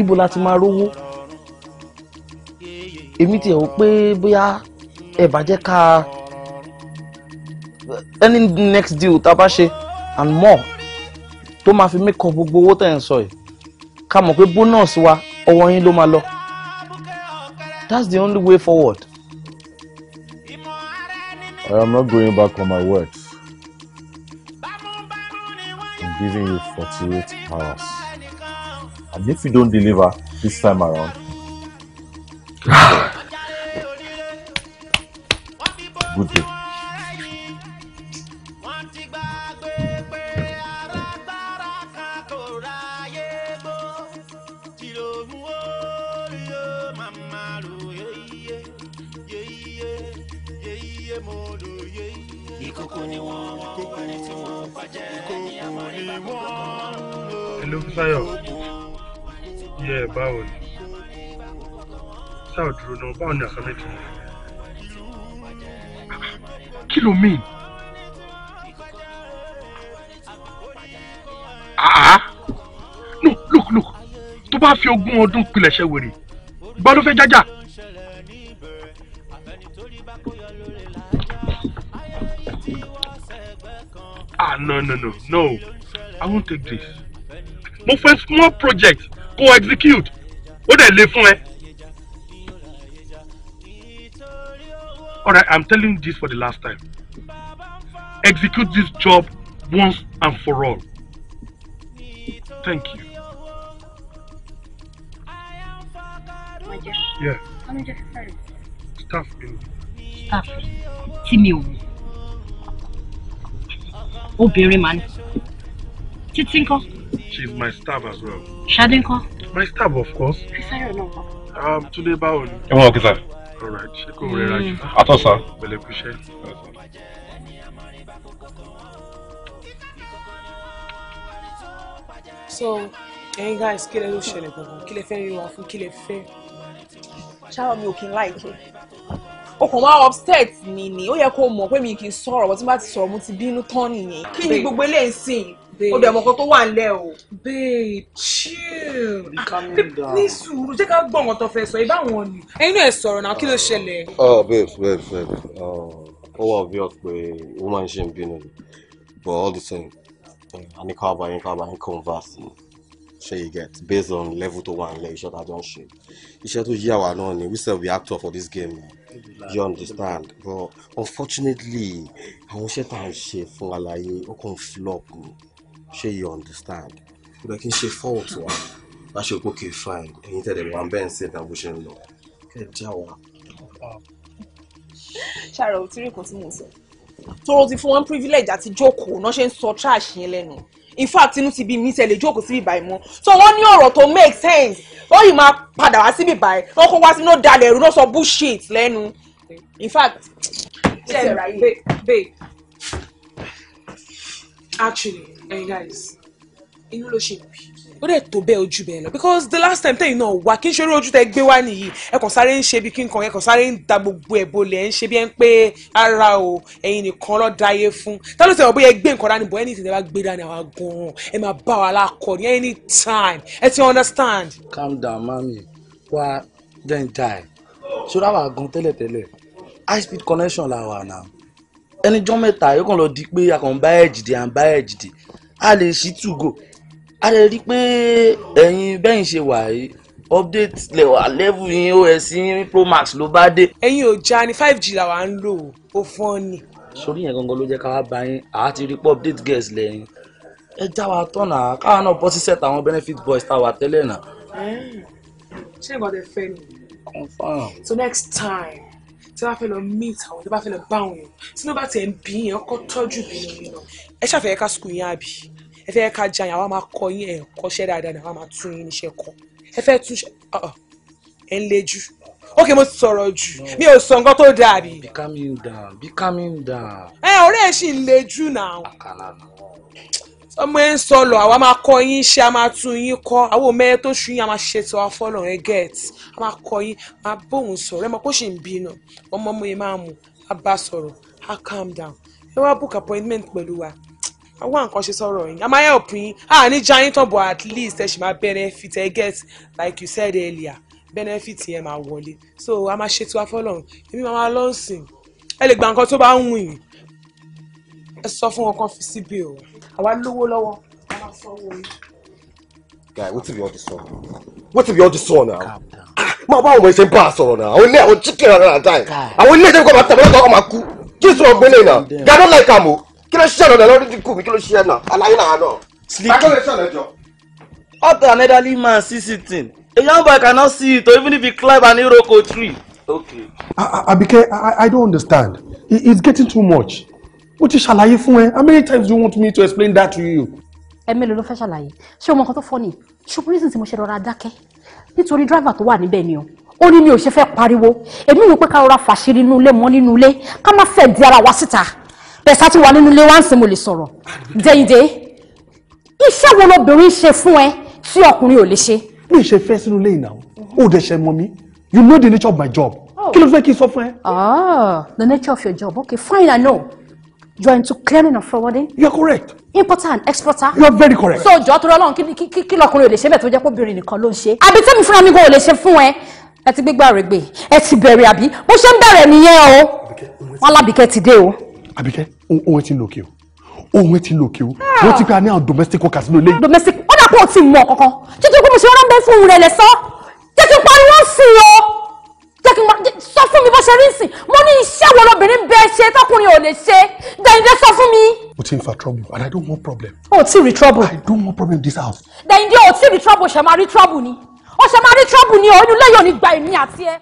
ibo la ti máa rówó èmi tiẹ̀ wò pé bóyá ẹ bá ká any next deal tá bá ṣe and more tó máa fi make up gbogbo owó tẹ̀ ń sọ yìí ká mọ̀ pé bonus wa ọwọ́ yín ló máa lọ that's the only way forward. I am not going back on my words giving you 48 hours. And if you don't deliver this time around, ah. good day. dúró náà báwo ni assignment mi kí ló mean ah no look look tó bá fi ogún ọdún pilẹ̀ṣẹ̀ wèrè gbọ́ ló fẹ́ Jaja. ah no no no no i won't take this mo fẹ́ small project kó execute ó dẹ̀ lé fún ẹ. All right, I'm telling you this for the last time. Execute this job once and for all. Thank you. Roger. Yeah. Manager first. Staff in. Staff tí mi ò mọ̀. Obìnrin mà my staff as well. Ṣadé My staff of course. Fisayo náà. Um, today báwo ni. Ẹ okay, sir alright ṣé kò rẹra jù. àtọ́sà. pẹ̀lẹ́kùṣẹ́. so ẹ̀yin guys kí lẹ ló ṣẹlẹ̀ gbọ̀ngàn kí lẹ fẹ́ rí wa fún kí lẹ fẹ́. ṣáà mi ò kí n láìké o kàn wá upset mi ni ó yẹ kó mọ̀ pé mi kì í sọ̀rọ̀ bó ti bá ti sọ̀rọ̀ mo ti bínú tán nìyẹn kí gbogbo eléyìí sìn ó dẹ̀ mọ̀kọ́ tó wà nílẹ̀ o. babe chill ní sùúrù jẹ́ ká gbọ́ ọ̀wọ́n tó fẹ́ sọ ibà wọn ni ẹ̀yin náà ẹ̀ sọ̀rọ̀ náà kí ló ṣẹlẹ̀. ọ oh, babe babe babe oh, ó wà bí ọ̀pẹ ó máa ń ṣe ń bínú but all the same àní eh, ká bá yín ká bá yín converse ni ṣe you get based on level tó wà nílẹ̀ iṣẹ́ tá a jọ ń ṣe iṣẹ́ tó yí àwa náà ni we sef be actor for this game ni you understand but unfortunately àwọn iṣẹ́ tá à ń ṣe fún àlàyé ó kàn flop ni ṣé you understand kò dẹ̀ kí n ṣe fault wa láṣẹ pé kì fine ẹ̀yin tẹ̀lé wa bẹ́ẹ̀ ń ṣe ìgbà bó ṣe ń lọ ẹ̀ já wa. ṣàrò tí rí nǹkan tí mò ń sọ tóró ti fún wọn privilege àti jókòó náà ṣe ń sọ trash yẹn lẹ́nu in fact inú ti bí mi tẹ̀lé jókòó síbi báyìí mọ́ so wọ́n ní ọ̀rọ̀ tó make sense ó yìí máa padà wá síbi báyìí wọ́n kó wá sí náà dalẹ̀ ẹ̀rú náà sọ bullshit lẹ́nu in fact. babe babe actually Hey guys, inú ló ṣe ó dẹ̀ tó bẹ́ẹ̀ ojú bẹ́ẹ̀ lọ because the last time tẹ̀yìn náà wà kí n ṣe orí ojú tẹ gbé wá nìyí ẹ kàn sáré ń ṣe bí kí n kàn ẹ kàn sáré ń da gbogbo ẹ̀ bolẹ̀ ẹ̀ ń ṣe bí ẹ ń pé ara o ẹ̀yin nìkan lọ́ọ́ da ayé fún tá ló tẹ̀wọ̀ bóyá ẹ gbé nǹkan dání bọ̀ anything ẹ bá gbé dání àwa gan-an ẹ máa bá wa lákọ ní any time ẹ ti understand. calm down mami wa then die ṣọlá wà gan tẹ́lẹ̀tẹ́lẹ̀ high speed connection la wà náà ẹnijọ́ mẹ́ta yóò kàn lọ di pé a kàn bá ẹ̀jìdì à ń bá ẹ̀jìdì a lè ṣí tùgò a lè rí i pé ẹ̀yin bẹ́yìn ṣe wà yìí update lẹ́wà level yín os yín pro max ló bá dé. ẹ̀yin ò já ni five g làwa ń lò ó fọ́n ni. sórí yẹn gangan ló jẹ́ ká wá bá yín àá ti rí pé update girls lẹ́yìn ẹ já wa tọ̀nà káwa náà bọ́ sí sẹ́ta àwọn benefit boys tá a wà tẹ́lẹ̀ náà. ṣé ìgbà tẹ fẹ́ ni. so next time tí wọ́n bá fẹ́ lọ meet àwọn tí wọ́n bá fẹ́ lọ bá àwọn èèyàn tí wọ́n bá tiẹ̀ ń bí yẹn kọ́ tọ́jú bí yẹn. ẹ ṣàfihàn ká sùkúù yín àbí fẹ́ ká jẹ àyàn àwa máa kọ yín ẹ̀ kọ́ṣẹ́ dáadáa àwa máa tún yín níṣẹ́ kọ ẹ fẹ́ tún ṣe uh-uh. ẹ ń lejú ok mo ti sọ̀rọ̀ jù mi ò sọ nǹkan tó dáa bí. be calming down be calming down. ẹ ọ̀rẹ́ ẹ̀ ṣì ń lejú náà. àkàlà náà ọmọ ẹ ń sọlọ àwa máa kọ yín ṣe a máa tún yín kọ àwọn ọmọ ẹ tó ṣu yín a máa ṣètò afọlọ ẹ get a máa kọ yín máa bóun sọ̀rọ̀ ẹ máa kó ṣì ń bí náà ọmọ ọmọ yẹn máa mú a bá sọ̀rọ̀ a calm down ẹ wá book appointment pẹ̀lú wa wá nǹkan ṣe sọ̀rọ̀ yín a máa help yín a ní já yín tán but at least ẹ ṣì máa benefit ẹ get like you said earlier benefit yẹn máa wọlé so a máa ṣètò afọlọ́run èmi máa lọ sìn ẹ lè gba nǹkan tó bá ń wù yín ẹ sọ fún wọn kan fi síbi o àwa lówó lọ́wọ́ a máa sanwó yín. guy wetin be all this one wetin be all this one now máa ah, bá àwọn ọmọ ìṣe ń bá a sọ̀rọ̀ náà àwọn ilé àwọn chicken rárá dáì àwọn ilé ìṣe ń kọ́ máa tàbí lọ́tọ̀ ọmọ àkú kí n sọ̀rọ̀ gbélé náà don't like am kí ló ṣiṣẹ́ lọ́dọ̀ lórí dínkù mi kí ló ṣiṣẹ́ náà aláyé làwọn náà. sleep akẹ́lẹ́ ṣọlẹ̀ jọ. utter and elderly man see sitting a young boy cannot see it or even if he climb an iroko tree. okay. Abike I, I don't understand it, it's getting too much mo ti ṣàlàyé fún ẹ how many times do you want me to explain that to you. ẹ mélòó ló fẹ́ ṣàlàyé ṣé o mọ nǹkan tó fọ́ ni ṣùgbọ́n nísinsìnyí mo ṣe rọra dákẹ́ nítorí dírábà tó wà níbẹ̀ ni o ó ní mi ò ṣe fẹ́ pariwo èmi rò pé ká rọra fàṣírí inú ilé mọ́ nínú ilé ká má fẹ́ di ara wa síta bẹ̀sà ti wà nínú ilé wá ń sin mo lè sọ̀rọ̀ dẹ́yìndé iṣẹ́ wo lobìnrin ṣe fún ẹ tí ọkùnrin ò lè ṣe. mi ṣe fẹ́ sínú ilé ìnáwó ó dẹ̀ ṣe mọ́ mi you know the nature of my job oh. kí ló fẹ́ kí n sọ fún ẹ. ah the nature of your job okay fine i know you are into clearing and forwarding. you are correct. importer and exporter. you are very correct. so jọ tó lọ́lọ́run kí kí kí lọkùnrin ò lè ṣe bẹ́ẹ̀ tó jẹ́ pé obìnrin nìkan ló ń ṣe. àbí tẹ́mi fúnra mi gan ò lè ṣe fún ẹ ẹ ti gbégbá rẹ̀ gbé ẹ ti bẹ̀rẹ̀ àbí bó ṣe ń bẹ̀rẹ̀ nìyẹn o wọn alábìkẹ́ ti dé o. Àbíkẹ́ ohun ẹ ti lòkè o ohun ẹ ti lòkè o wọ́n ti pé a ní àwọn domestic workers ní ilé. domestic ó dà pé o ti mọ̀ kankan títí pé mo ṣe rán bẹ́ẹ̀ fún un rẹ̀ lẹ̀ sọ jẹ́ kí n pariwo sí i o jẹ́ kí n sọ fún mi bó ṣe rí sí mo ní iṣẹ́ wo lobìnrin bẹ́ẹ̀ ṣe tọkùnrin ò lè ṣe dẹ̀yìndé sọ fún mi. o ti ń fa trouble and i don't want problem. o oh, ti rí trouble. i don't want problem in this house. dẹ̀yìndé o ti rí trouble ṣe máa rí trouble ni o ṣe máa rí trouble ni o inú ilé yóò ní gba èmi àti ẹ.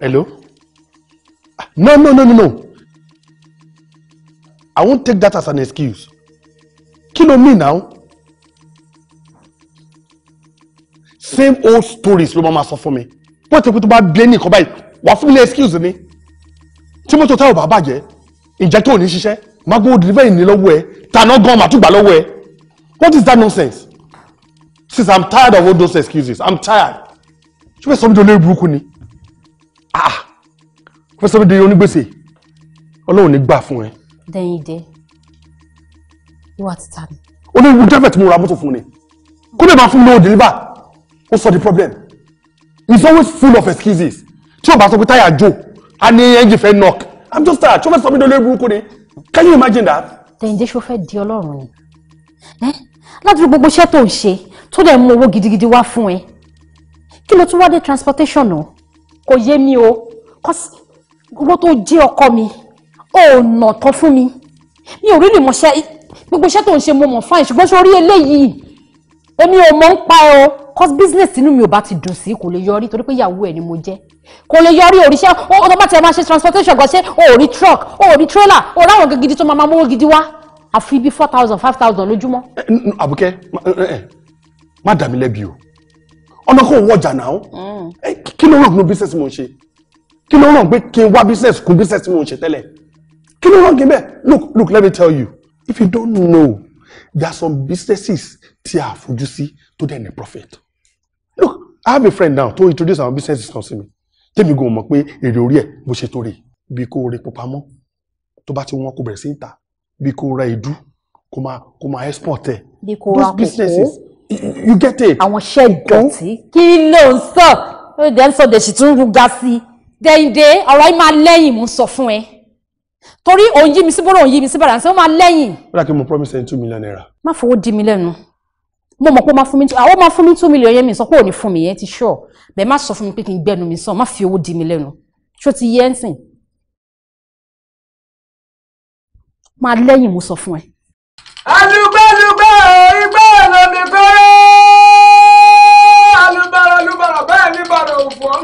Hello? No, no, no, no, no. I won't take that as an excuse. Kill on me now? Same old stories ló máa for me. What mi. you ti pé tó bá bí ẹni nǹkan báyìí, wà fún mi ní excuse ni. Tí mọ́tò táwọn bá bàjẹ́, ǹjẹ́ tó ò ní ṣiṣẹ́? Mago deliver in the ẹ, way. gan màá tún gbà lọ́wọ́ ẹ. What is that nonsense? Since I'm tired of all those excuses, I'm tired. You pé sọ́mi to leave burúkú Ah, pẹ́sẹ́ mi di onígbèsè ọlọ́run ní gbà fún ẹ. dẹ́yìn dé ìwà títa ni. ó ní wúdẹ́fẹ̀ tí mo ra mọ́tò fún ni kó lè máa fún mi lówó deliver ó sọ the problem he's always full of excuses tí o bá sọ pé táyà jò á ní ẹ́ńjì fẹ́ knock i'm just tired ṣọ́fẹ́ sọ mi lórí burúkú ni can you imagine that. dẹ́yìn dé ṣọ́fẹ́ di ọlọ́run ni láti fi gbogbo iṣẹ́ tó ń ṣe tó dẹ̀ mú owó gidigidi wá fún ẹ kí ló tún wá dé transportation náà kò yé mi o owó tó jẹ́ ọkọ mi ò nà tán fún mi mi ò rí lè mọṣẹ́ gbogbo iṣẹ́ tó ń ṣe mo mọ̀ fáìn ṣùgbọ́n ṣe orí eléyìí èmi ò mọ̀ ń pa ẹ o cause business inú mi ò bá ti dùn sí kò lè yọrí torí pé ìyàwó ẹ ni mo jẹ́ kò lè yọrí òrìṣẹ́ ó tó bá ti máa ṣe transportation gan ṣe ó rí truck ó rí trailer ó ráwọn gidi tó máa máa mówó gidi wá àfi bíi four thousand five thousand lójúmọ́. àbùkẹ́ má dà mí lẹ́bi o ọ̀nà kò wọ̀jà náà mm. kí ló ràn nínú business mo ń ṣe kí ló ràn pé kí n wá business kún business mo ń ṣe tẹ́lẹ̀ kí ló ràn kí bẹ́ẹ̀ look look let me tell you if you don't know there are some businesses tí a fojú sí tó dẹ̀ ní profit look I have a friend now tó introduce our businesses to me. mi tèmi gan mọ̀ pé èrè orí ẹ̀ bó ṣe tó rè bí kò rè pupamọ́ tó bá ti wọ́n kó bẹ̀rẹ̀ sí ń tà bí kò ra ìdú kó máa kó máa export ẹ̀ those businesses you get it. àwọn iṣẹ́ ìdọ̀tí oh. kí ló ń sọ ó dẹ̀ ń sọ dẹ̀ sì tún ruga sí i dẹ̀yìndé ọ̀rọ̀ yìí máa lẹ́yìn mò ń sọ fún ẹ torí òun yí mi síbọ̀rọ̀ òun yí mi síbọ̀rọ̀ àti ó máa lẹ́yìn. ó dà kí mo promise ẹ two million naira. má fowó di mi lẹ́nu mo mọ̀ pé ó máa fún mi àwọn máa fún mi two million yẹn mi sọ pé ò ní fún mi yẹn ti sure bẹ́ẹ̀ má sọ fún mi pé kí n gbẹ́nu mi sàn má fi owó di mi lẹ́nu ṣó ti yẹ ẹ́ sìn máa lẹ́yìn mo sọ fún ẹ alúgbálúgbá igbá lomi gbọ́rọ́ alúbàrà alúbàrà bẹ́ẹ̀ ní bàrà òfò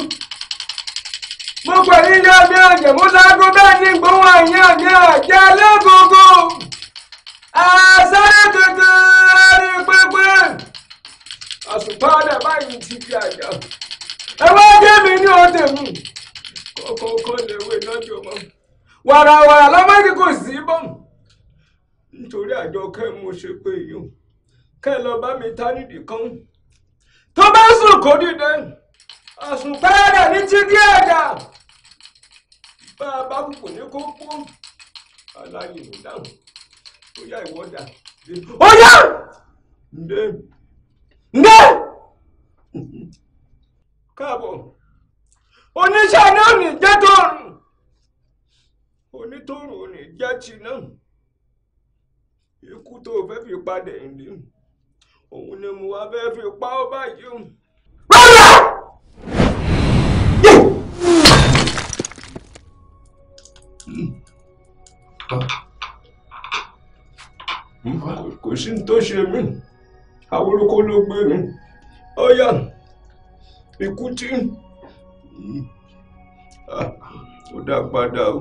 mo pè ní ilé ọmọ ẹ̀jẹ̀ mo ṣáájú bẹ́ẹ̀ ní gbóhùn àyàn ní ọ̀jẹ̀ lẹ́gbọ̀gbọ̀ àṣàrẹ̀ tuntun rárí pépé àṣùpá ọ̀dà báyìí ti fi àjà ẹ wá jẹ́ mi ní ọ̀tẹ̀ mu kọ́kọ́ kọ́ lè wé lọ́jọ́ mọ́ wàràwàrà lọ́mọdé kò sí bọ́ọ̀mù nítorí àjọ kẹ́ mo ṣe pé yìí kẹ́ lọ bá mi ta nídìí kan tó bá sùn kó dìde àsùnpẹ́rẹ́ ní tígí ẹ̀dá bá a bá kò ní kó kú aláyè ló dáhùn ó yá ìwọ́dà ó yá ǹdẹ́ ǹdẹ́ káàbọ̀ oníṣẹ́ náà ní jẹ́ tòrùn onítòrùn ò ní jẹ́ tì náà ikú tó o fẹ́ fi pa Dẹ̀yìndé òun ni mo wá fẹ́ fi pa ọ́ báyìí o. rárá. kò sí ní tó ṣe mí àwòrán ló gbé mi ọ̀yà ikú tí ó dá padà o.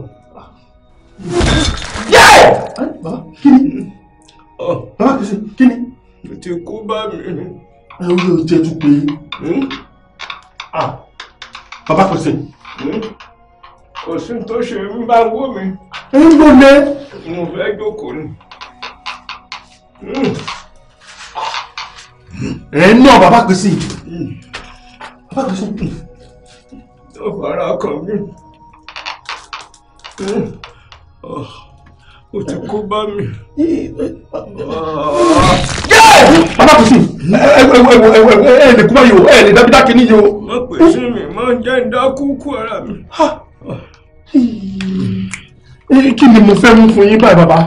yẹ́ẹ̀ alákìsí oh. kí ni. o ti kú bá mi. ẹ o yóò jẹ́ tún pé. Hmm? bàbá kò sí. Hmm? kò sí tó ṣe ń bá wó mi. ń gbọ́dẹ. mo fẹ́ jókòó ni hmm? ẹ náà bàbá kìí sí bàbá kìí sí. tó fara kan mi o ti kó bá mi. bàbá kùsùn ẹ lè kú báyìí o ẹ lè dábí dákẹ́ níyì o. má pè sí mi má jẹ́ ń dá kúkú ara mi. kí ni mo fẹ́ mú fún yín báyìí bàbá.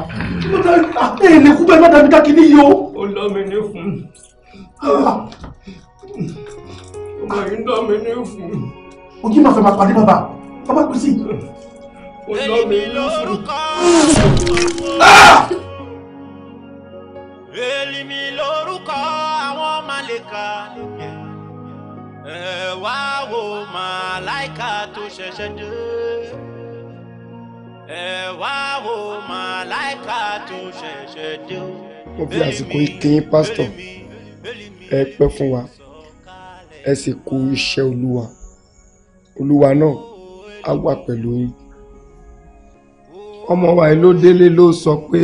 ẹ lè kú báyìí má dábí dákẹ́ níyì o. ó lọ mi ní fún ọmọ yìí ń dá mi ní fún. ojú màá fẹ́ máa pàdé bàbá bàbá kùsùn èmi lórúkọ èmi lórúkọ àwọn màlẹ́kà ẹ wá wo màláìka tó ṣẹ̀ṣẹ̀ dé ẹ wá wo màláìka tó ṣẹ̀ṣẹ̀ dé. mo fi àsìkò ìkí pásítọ̀ ẹ pẹ́ fún wa ẹ sì kú iṣẹ́ olúwa olúwa náà á wà pẹ̀lú yín ọmọ wa ló délé ló sọ pé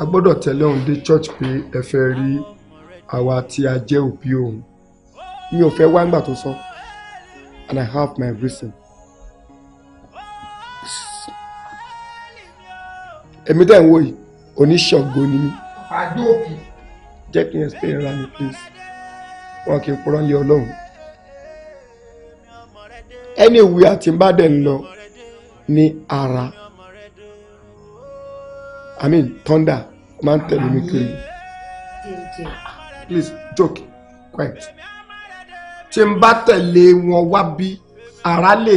a gbọ́dọ̀ tẹ̀lé òun dé church pé ẹ fẹ́ rí àwa tí a jẹ́ òbí òun mi ò fẹ́ wá ńgbà tó sọ and I have my reason. èmi dẹ̀ ń wò yìí oníṣọ̀gbọ́ ni mí. àdóòkè. jẹ́ kí n explain ara mi please wọn kì í purọ́ lé ọlọ́run. anywhere tí n bá dẹ̀ ń lọ ní ara i mean thunder máa ń tẹ̀lé mi kiri please joke quiet tí n bá tẹ̀lé wọn wá bí ara lè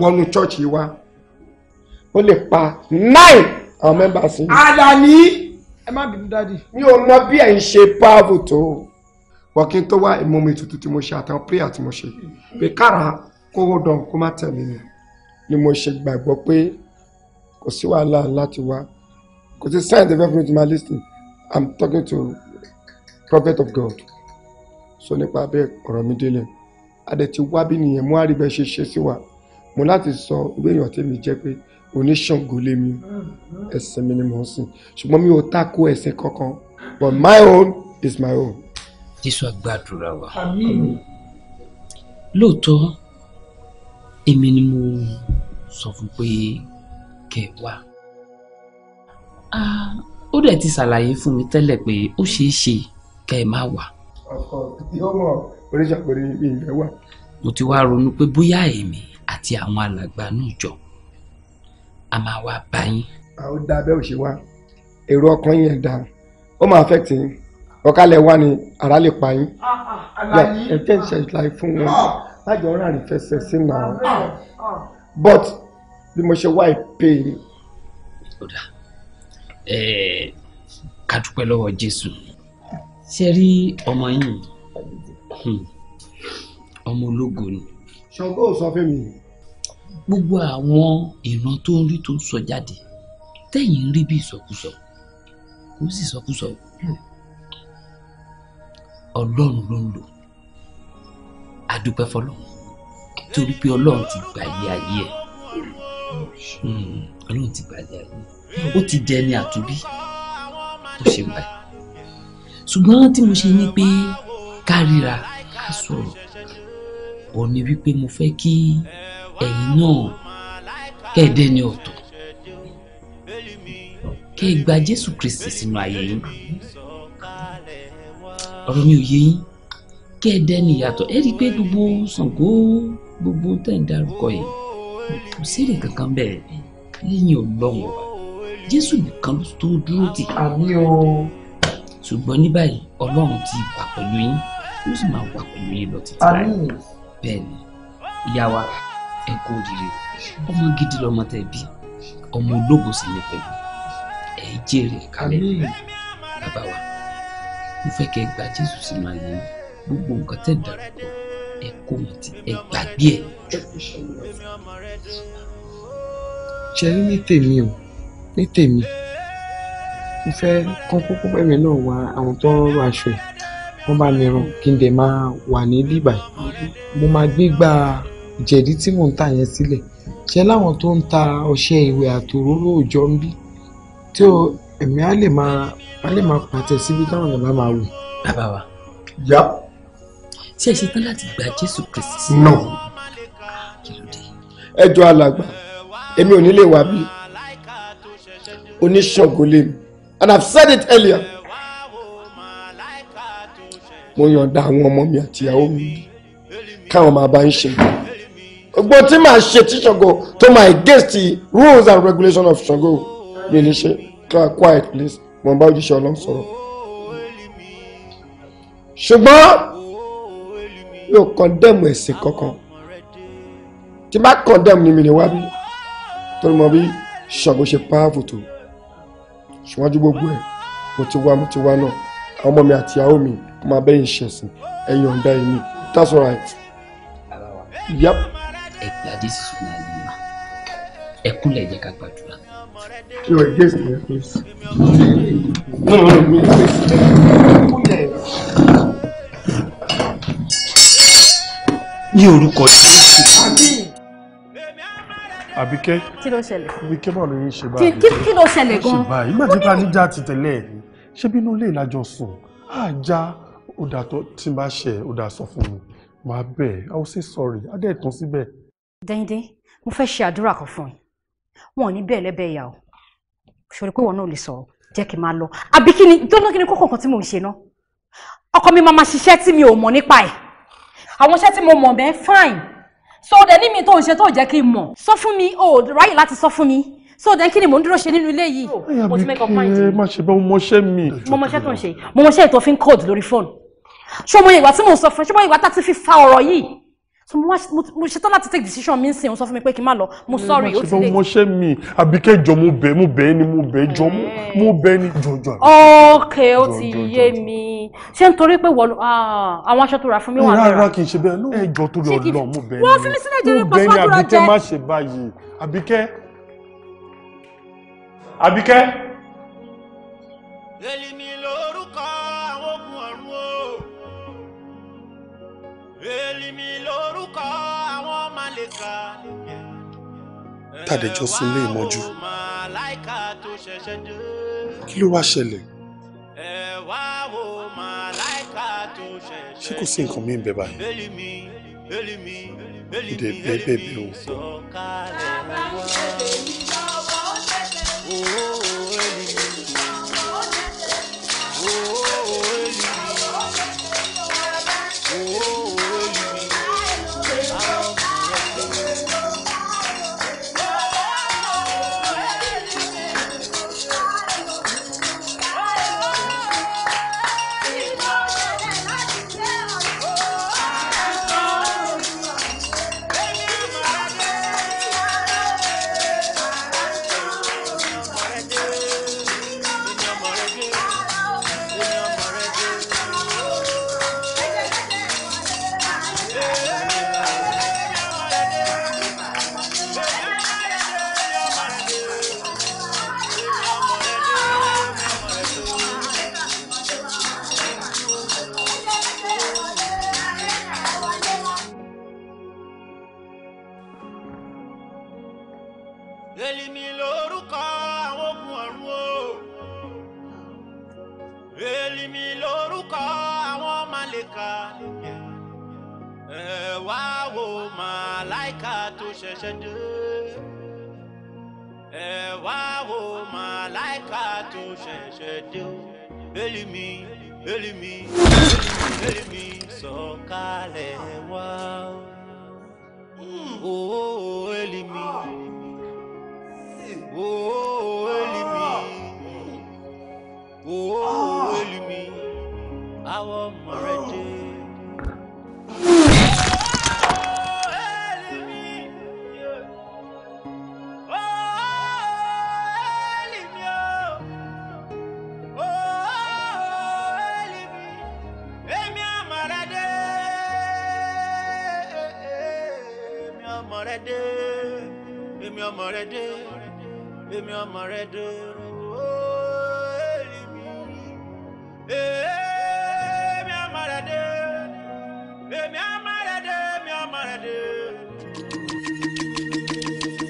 wọnú chọ́ọ̀chì wa ó lè pa nine àwọn mẹ́mbà sí. Àlàní. ẹ má bínú dáàdì. mi ò mọ bí ẹ̀ ń ṣe páàbù tó wọ́n kí n tó wá ìmúmi tuntun tí mo ṣe àtàwọn prayer tí mo ṣe pé kára kó dán kó má tẹ̀lé mi ni mo ṣe gbàgbọ́ pé kò sí wàhálà láti wá kò sí sign the government ma lis ten i'm talking to prophet of god so nípa bẹ́ẹ̀ ọ̀rọ̀ mi délẹ̀ adẹ̀ ti wá bí nìyẹn mo á rí bẹ́ẹ̀ ṣe ṣe sí wa mo láti sọ ìwé èèyàn tèmi jẹ́ pé oníṣàngó lé mi ẹ̀sìn mi ni mo ń sìn ṣùgbọ́n mi ò tako ẹ̀sìn kankan but my own is my own. jésù àgbàdúrà wa lóòótọ́ èmi ni mo sọ fún pé kẹ́ ẹ wá. ó dẹ̀ ti ṣàlàyé fún mi tẹ́lẹ̀ pé ó ṣeé ṣe kẹ́ ẹ má wá. ọkọ tí ó mọ oríṣàkórí mi ìfẹ́ wà. mo ti wá ronú pé bóyá èmi àti àwọn alàgbà náà jọ a máa wá bá yín. àwọn dá abẹ́ òṣè wa èrò ọkàn yẹn dá ó máa affect yín ọ̀kálẹ̀ wá ni ara lè pa yín ah, ah, ẹ jẹ́ ìṣẹ̀lẹ̀ fún wọn lájọ ah. ọ̀rọ̀ àrífẹsẹ̀ sí náà but bí mo ṣe wá ìpè yìí. ó dà ká dúpẹ́ lọ́wọ́ jésù ṣe rí ọmọ yìí hmm, ọmọ ológo ni. ṣọgbó sọ fún mi. gbogbo àwọn ìran tó ń rí tó ń sọ jáde tẹ̀yìn ń rí bí ìsọkúsọ kò sì sọkúsọ ọlọ́run ló ń lò a dúpẹ́ torí pé ọlọ́run ti gbà yé ayé ẹ̀. Hmm, ọlọ́run ti gbàlẹ́ ayé ó ti dẹ ẹni àtúbí tó ṣe gbà ṣùgbọ́n tí mo ṣe ní pé ká ríra ká sọ̀rọ̀ ọ̀ ni wípé mo fẹ́ kí ẹ̀yin náà kẹ́ẹ̀dẹ́ ní ọ̀tọ̀ kẹ́ ẹ gba Jésù Kristi sínú ayé yín ọ̀rọ̀ mi ò yé yín kẹ́ẹ̀dẹ́ ní ìyàtọ̀ ẹ rí i pé gbogbo Ṣàngó gbogbo tẹ̀ ń dárúkọ yìí kò sẹ́rẹ̀ kankan bẹ́ẹ̀ lẹ́yìn ọlọ́run jésù nìkan tó dúró tì. àmín o. ṣùgbọ́n ní báyìí ọlọ́run ti wà pẹ̀lú yín ó sì máa wà pẹ̀lú yín lọ títí láì. àmín. bẹ́ẹ̀ ni ìyá wa ẹ kú oríire ọmọ gidi lọmọ tẹ bí ọmọ ológo sì ní pẹ̀lú ẹ jèrè kalẹ̀ bàbá wa mo fẹ́ kẹ́ gba jésù sínú ayé gbogbo nǹkan tẹ̀ dàrú pọ̀ ẹ kó wọn ti ẹ gbàgbé ẹ jù. ṣe rí ní tèmi o ní tèmi mo fẹ́ kán kókó pẹ̀mí náà wá àwọn tó ń rọ aṣọ ẹ̀ wọ́n bá mi ràn kí n dẹ̀ máa wà ní bíbà mo máa gbégbá jẹ̀dí tí mò ń tà yẹn sílẹ̀ ṣe láwọn tó ń ta ọṣẹ ìwẹ̀ àtòróró òòjọ́ ń bí tí o ẹ̀mí á lè máa pàtẹ síbi táwọn èèyàn bá máa wò. bàbá wa. yá ṣé ṣe tán láti gba Jésù Kristi. no ẹjọ́ alàgbà èmi ò ní lè wá bí oníṣọ̀gùn lè mi and i have said it earlier mo yọ̀ǹda àwọn ọmọ mi àti ìyàwó mi káwọn máa bá ń ṣe gbogbo tí màá ṣe tí Ṣàngó tó máa against the rules and regulations of Ṣàngó mi ní ṣe quiet please mo bá òjíṣẹ́ Ọlọ́run sọ̀rọ̀ ṣùgbọ́n mi ò ẹ̀sìn kankan tí bá kọ́ndẹ̀mù ni mi ní wá bí torí mo bí ṣàbò ṣe páàfù tó ṣíwájú gbogbo ẹ̀ mo ti wá mo ti wá náà ọmọ mi àti ìyàwó mi kò máa bẹ́yìn ṣẹ̀sìn ẹ̀yìn ọ̀ǹda ẹ̀mí that's all right. yep. ẹ gbàdí sísun náà lè má ẹ kúnlẹ̀ ká gbàdúrà. yóò ẹ gé ìsìn yẹn please. ní orúkọ Jésù. Àbíkẹ́. Kí ló ṣẹlẹ̀? Àbíkẹ́ báwo ló yẹ ṣe báyìí? Kí ló ṣẹlẹ̀ gan-an? Ṣe báyìí, ìgbà tí níjà ti tẹ̀lé ẹ̀ ni, ṣé bínú ilé ìlàjọ sùn? Àjà ọ̀dà tó ti bá ṣẹ̀ ọ̀dà sọ fún mi. Màá bẹ̀ ẹ́, I will say sorry, Adé ẹ̀ tún síbẹ̀. Dẹ́ndé, mo fẹ́ ṣe àdúrà kan fún ẹ. Wọn ò ní bẹ́ẹ̀ lẹ́bẹ̀ẹ́ ìyá o. Ṣòro pé wọn náà lè sọ̀rọ̀, jẹ́ kí n máa lọ. Àbí kí ni, tó ná kí ni kókò kan tí mò ń ṣe ná? Ọkọ mi máa máa ṣiṣẹ́ tí mi ò mọ̀ nípa ẹ̀ àwọn iṣẹ́ tí mo mọ̀ bẹ́ẹ̀ fine so then, ní mi tó ń ṣe tó jẹ́ kí n mọ̀ sọ fún mi o ráyè láti sọ fún mi so then, kí ni mò ń dúró ṣe nínú ilé yìí. mo ti make up mind mi. má ṣe bá mo mọṣẹ́ mi. mo mọṣẹ́ tó ń ṣe mo mọṣẹ́ ètò òfin code lórí fóònù ṣọmọ ìwà tí mo sọ fún ṣọmọ ìwà tá ti fi fa ọ̀rọ̀ yìí so mo mo ṣetán láti take decision mi nsìn o sọ fún mi pé kí n má lọ mo mm-hmm. sorry o ti lè. mo ṣe mi àbíkẹ́ jọ mo bẹ̀ mo be ni mo be jọ mo eh. be ni jọjọ. ok ó ti yé mi ṣé nítorí pé wọ́n ah, àwọn aṣọ tó rà fún mi wà eh, lára. rárá kì í ṣe bẹ́ẹ̀ náà ẹjọ́ tó lọ lọ mo bẹ̀ ni wọ́n fi mi sílẹ̀ jẹ́rìí pàṣẹ àdúrà jẹ́. mo bẹ̀ ni àbíkẹ́ má ṣe báyìí àbíkẹ́ àbíkẹ́. èlì mi lórúkọ àwọn ogun ọ̀run o èlì mi lórúkọ tàdéjọ́ sunlé ìmọ́jú kí ló wá ṣẹlẹ̀ ṣé kò sí nǹkan mí bẹ́ẹ̀ báyìí ìdè bẹ́ẹ̀ bẹ́ẹ̀ bẹ́ẹ̀ ò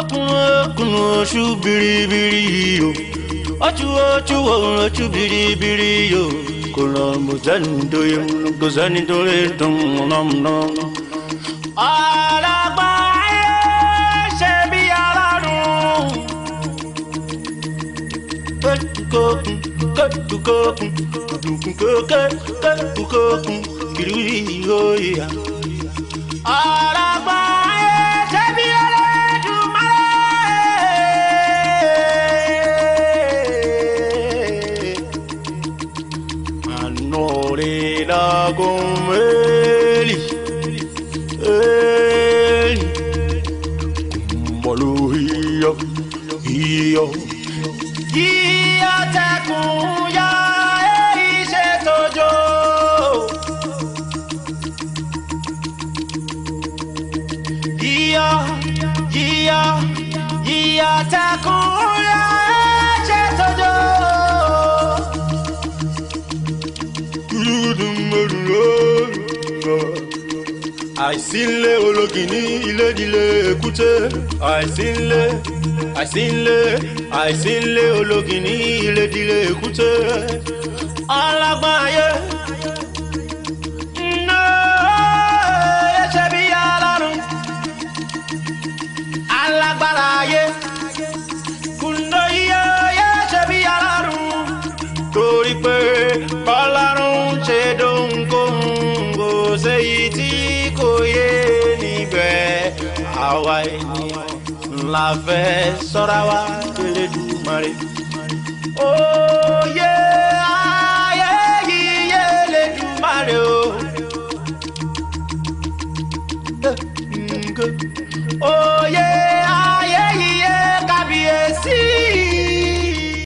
okun okun oṣù biribiri o oṣù oṣù òun oṣù biribiri o kò lọ mọ sẹ́ni tó yẹ kò sẹ́ni tó lè tún nọmọnà. ọlọ́gbọ́n ayé ṣe bí ọlọ́run kókùn kókùn kókùn kókùn kókùn kókùn kókùn kìlú ìhòòyà. ọlọ́gbọ́n. àìsí ńlé ológì ní ilédìlé èkúté àìsí ńlé àìsí ńlé àìsí ńlé ológì ní ilédìlé èkúté alágbáyé. la fẹ́ sọ́ra wa Elédùmarè.